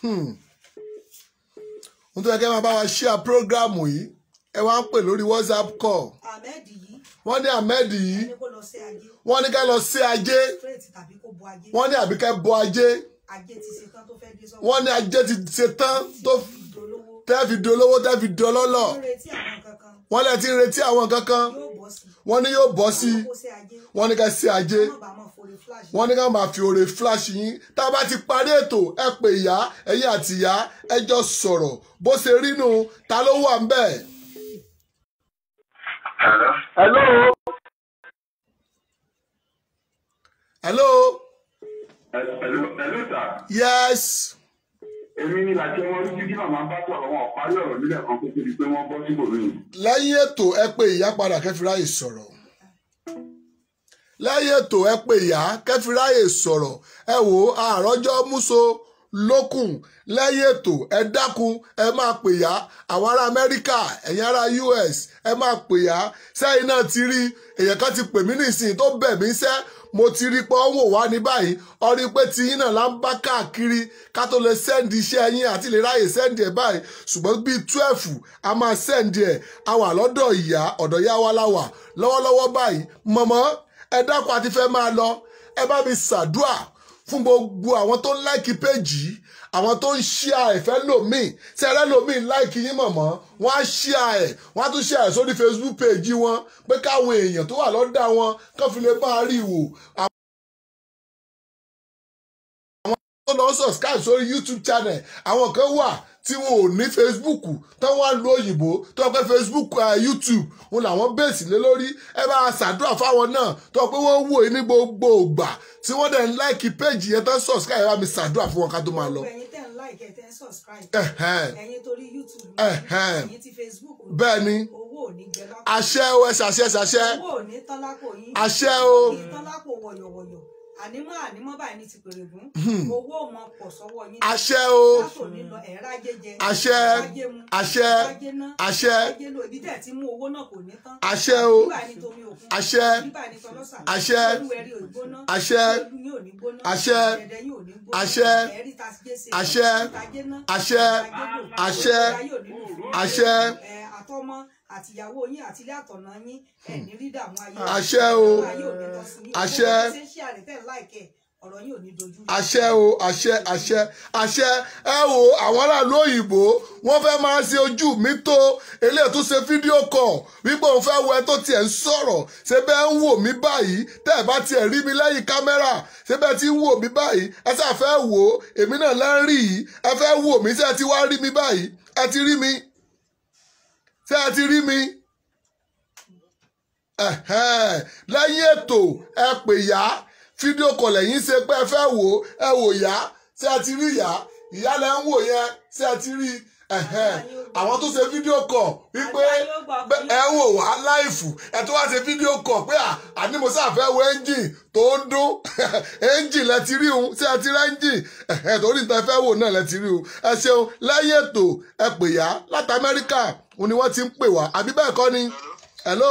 Hmm. ohun tó yẹ kí ẹ máa bá wa share prógráàmù yìí ẹ wá ń pè lórí whatsapp call wọ́n ní ahmed yìí wọ́n ní ká lọ sí ajé wọ́n ní àbíkẹ́ bọ ajé wọ́n ní ajé ti ṣe tán tó tẹ́ fi dolówó tẹ́ fi dolọ́lọ́ wọ́n lẹ́ ti ń retí àwọn kankan wọ́n ní yóò bọ́ sí wọ́n ní ká ṣe ajé wọ́n ní ká máa fi òrè flash yín tá a bá ti parí ètò ẹ pè ìyá ẹ̀yin àti ìyá ẹ sọ̀rọ̀ bó ṣe rí nu ta ló wà ń bẹ̀. hello. hello. hello. hello sir. yes èmi ni làjẹ wọn rí títí màmá bá tó àwọn ọ̀parí ọ̀rọ̀ nílẹ̀ kan tó tóbi pé wọ́n bọ́ síbò mí. lẹ́yìn ètò ẹ pé ìyá padà kẹfìráyè sọ̀rọ̀ lẹ́yìn ètò ẹ pé ìyá kẹfìráyè sọ̀rọ̀ ẹ wò àròjọ múso lókùn lẹ́yìn ètò ẹ dákun ẹ máa pè yá àwọn ará amẹ́ríkà ẹ̀yin ará us ẹ máa pè yá sẹ́yìn náà ti rí èèyàn kan ti pè mí nísìnyí tó bẹ̀ mí sẹ́ mo ti rí pé ọ̀hún wà ní báyìí ọ̀rí pé ti yín náà la ń bá káàkiri ká tó lè sẹ́ndì iṣẹ́ yín àti lè ráyè sẹ́ndì ẹ̀ báyìí ṣùgbọ́n bíi twelve a máa sẹ́ndì ẹ̀ a wà lọ́dọ̀ ìyá ọ̀dọ̀ yá wa la wà lọ́wọ́lọ́wọ́ báyìí mọ̀mọ́ ẹ dákun àti fẹ́ máa lọ ẹ bá mi ṣàdúà fún gbogbo àwọn tó ń láìkì péjì yìí àwọn tó ń ṣíà ẹ̀ fẹ́ lòmíì tí ẹ̀rẹ́ lòmíì láìkì yín mọ̀mọ́ wọ́n á ṣíà ẹ̀ wọ́n á tún ṣíà ẹ̀ sórí Facebook page wọn pé káwọn èèyàn tó wà lọ́dà wọn kàn fi lè bá a rí wò. tó lọ subscribe sórí YouTube channel àwọn kan wà tí wọn ò ní Facebook tó wá lu òyìnbó tó pé Facebook eh, YouTube wọn làwọn bẹ́ẹ̀sì lé lórí ẹ bá ṣàdúrà fáwọn náà tó pé wọ́n wò ní gbogbo ògbà tí wọ́n dẹ̀ ń láìkì péjì yẹn tó subscribe ẹ bá mi ṣàdúrà fún wọn ká tó máa lọ like ẹ tẹ subscribe ẹyin torí youtube ẹyin ti facebook bẹ́ẹ̀ ni owó ò ní jẹ lápò àṣẹ o ẹ ṣàṣẹ ṣàṣẹ owó ò ní tọ́lápò yín àṣẹ o ò ní tọ́lápò wọ̀yọ̀wọ̀yọ̀ ànímọ́ ànímọ́ báyìí ní ti pèrè fún hmm. owó mọ pọ̀ sọ́wọ́ yín. àṣẹ o àṣẹ àṣẹ àṣẹ àṣẹ o àṣẹ àṣẹ àṣẹ àṣẹ àṣẹ àṣẹ àṣẹ àṣẹ àṣẹ àtìyàwó yín àti ilé àtọ̀nà yín ẹ̀ ní rí dààmú ayé hmm. àṣẹ o àṣẹ àṣẹ o àṣẹ àṣẹ àṣẹ ẹ wo àwọn aráàlú òyìnbó wọ́n fẹ́ máa ṣe ojú mi tó eléyìí tó ṣe fídíò call wípé òun fẹ́ wẹ tó tiẹ̀ ń sọ̀rọ̀ ṣé bẹ́ẹ̀ ń wò mí báyìí tẹ́ ẹ bá tiẹ̀ rí mi lẹ́yìn kámẹ́rà ṣé bẹ́ẹ̀ ti ń wò mí báyìí ẹ sá fẹ́ wò ó èmi náà lẹ́rìí ẹ fẹ́ wò mí ṣé ẹ ti wá rí mi báyìí ẹ ti rí mi ṣé ẹ ti rí mi lẹ́yìn ètò ẹ pè yá fídíò kọ̀lẹ̀ yín ṣe pé ẹ fẹ́ wò ó ẹ wò yá ṣé ẹ ti rí yá ìyá lẹ ń wò yẹn ṣé ẹ ti rí àwọn tó ṣe fídíò kọ̀ wípé ẹ wò wá láìfù ẹ tó wá ṣe fídíò kọ̀ pé àní mo ṣàfẹ́ wo ẹ́ńjìn tó ń dún ẹ́ńjìn lẹ ti rí òun ṣé ẹ ti rí ẹ́ńjìn torí ìtẹ́fẹ́ wò náà lẹ ti rí òun ẹ ṣeun lẹ́yìn ètò ẹ pè yá láti Amẹ́ríkà òun ni wọ́n ti ń pè wá àbí bẹ́ẹ̀ kọ́ ni hello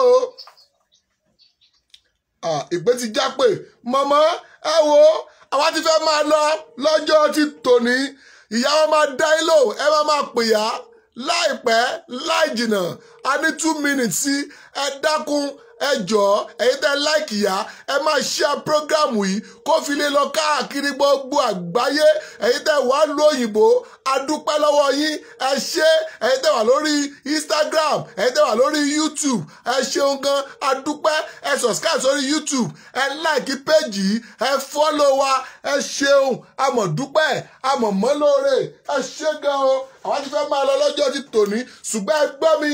ìpè ti já pé mọ̀mọ́ ẹ wo àwa ti fẹ́ máa lọ lọ́jọ́ ti tòní ìyá wọn máa dá ilò ẹ máa máa pè yá láìpẹ́ láìjìnà a ní two minutes sí ẹ dákun ẹ jọ̀ọ́ ẹ̀yin tẹ́ láìkì yá ẹ máa share program yìí kó fi lè lọ káàkiri gbogbo àgbáyé ẹ̀yin tẹ́ wà ló òyìnbó adúpẹ́ lọ́wọ́ yín ẹ ṣé ẹ̀yin tẹ́ wà lórí Instagram ẹ̀yin tẹ́ wà lórí YouTube ẹ ṣeun gan adúpẹ́ ẹ subscribe sórí YouTube ẹ láìkì péjì yìí ẹ follow wa ẹ ṣeun amọ̀dúpẹ́ amọ̀mọ́lóore ẹ ṣé gan o àwọn ti fẹ́ máa lọ lọ́jọ́ ti tòní ṣùgbọ́n ẹ gbọ́ mi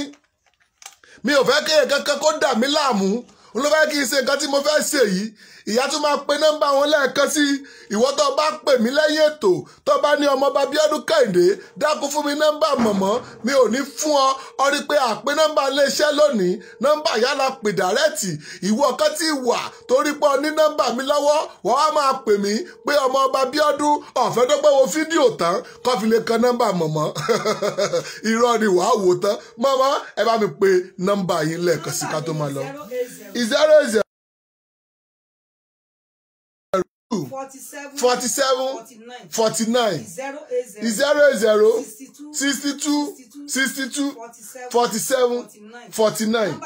mi ò fẹ́ kéèyàn kankan kó dà mí láàmú olùfẹ́ kí n ṣe nǹkan tí mo fẹ́ ṣe yìí ìyá tún máa pe nọ́mbà wọn lẹ́ẹ̀kan sí ìwọ tó bá pè mí lẹ́yìn ètò tó bá ní ọmọ Babíọ́dún Kẹ́hìndé dákun fún mi nọ́mbà mọ̀mọ́ mi ò ní fún ọ ọ rí pé àpé nọ́mbà iléeṣẹ́ lónìí nọ́mbà yálà pè dàrẹ́tì ìwọ kan ti wà torí pé ọ ní nọ́mbà mi lọ́wọ́ wọ́n á máa pè mí pé ọmọ Babíọ́dún ọ̀fẹ́ dọ́gbọ́n wo fídíò tán kọ́fi lè kan nọ́mbà mọ̀mọ́ irọ́ ni wàá wò tán mọ́mọ́ ẹ bá mi pe nọ́mbà yín lẹ́ẹ̀kan sí ká tó máa lọ zero zero forty seven forty nine zero zero sixty two sixty two forty seven forty nine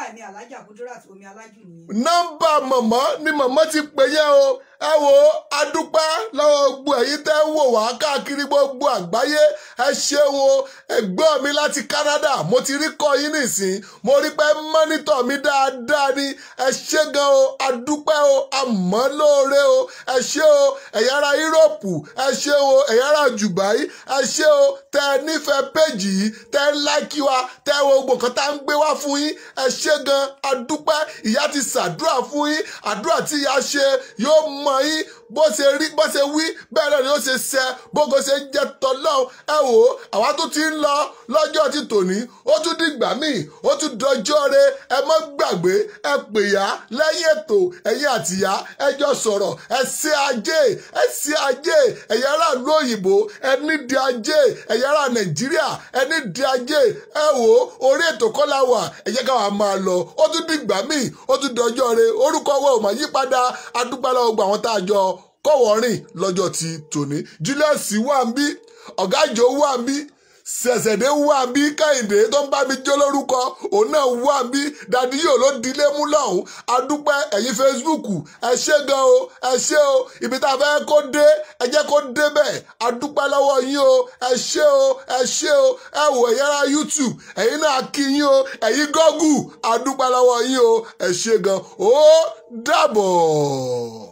nọ́mbà mọ̀mọ́ ni mama, ti pè yẹ́ o ẹ wo adúpẹ́ lọ́wọ́ gbogbo ẹ̀yin tẹ́ ń wò wá káàkiri gbogbo àgbáyé ẹ ṣeun o ẹ̀gbọ́n mi láti Canada mo ti rí kọ́ yín nìsín mo rí pé mọ́nítọ̀ mi dáadáa ni ẹ ṣe gan o adúpẹ́ o àmọ́ lóore o ẹ ṣe o ẹ̀yà ara Yúróòpù ẹ ṣe o ẹ̀yà ara Dubai ẹ ṣe o tẹ nífẹ̀ẹ́ péjì yìí tẹ láìkí wa tẹ wo gbogbo kan tá ń gbé wá fún yín ẹ ṣe gan adúpẹ́ ìyá ti ṣàdúrà fún yín àdúrà tí ìyá ṣe yóò mọ aí, bó ṣe rí bó ṣe wí bẹ́ẹ̀ náà ni ó ṣe ṣẹ bógo ṣe ń jẹ tọ́lọ́hún ẹ wò ó àwa tó ti ń lọ lọ́jọ́ ti tòní ó tún dìgbà míì ó tún dọjọ́ re ẹ mọ́ gbàgbé ẹ pè yá lẹ́yìn ètò ẹ̀yin àtìyá ẹ jọ sọ̀rọ̀ ẹ ṣe ajé ẹ ṣe ajé ẹ̀yà ara ìlú òyìnbó ẹ nídi ajé ẹ̀yà ara nàìjíríà ẹ nídi ajé ẹ wò ó orí ètò kọ́lá wà ẹ jẹ́ ká wàá máa lọ ó tún dìgbà míì ó tún dọjọ́ re orúkọ wa ò mà yípadà adúpẹ́ lọ́wọ́ gbà wọ́n tá a jọ tọ̀wọ́ rìn lọ́jọ́ ti tòní Julius Wambi ń Wambi ọ̀gájọ́ Wambi ń bí sẹ̀sẹ̀dé wà ń bí kẹ́hìndé tó ń bá mi jó lórúkọ òun náà wà dàdí yóò ló dilé mú lọ́hùn adúpẹ́ ẹ̀yin facebook ẹ ṣé gan o ẹ ṣé o ibi tá a fẹ́ kó dé ẹ jẹ́ kó dé bẹ́ẹ̀ adúpẹ́ lọ́wọ́ yín o ẹ ṣé o ẹ ṣé o ẹ wò ẹ youtube ẹ̀yin náà kí yín o ẹ̀yin google adúpẹ́ lọ́wọ́ yín o ẹ ṣé gan o dàbọ̀.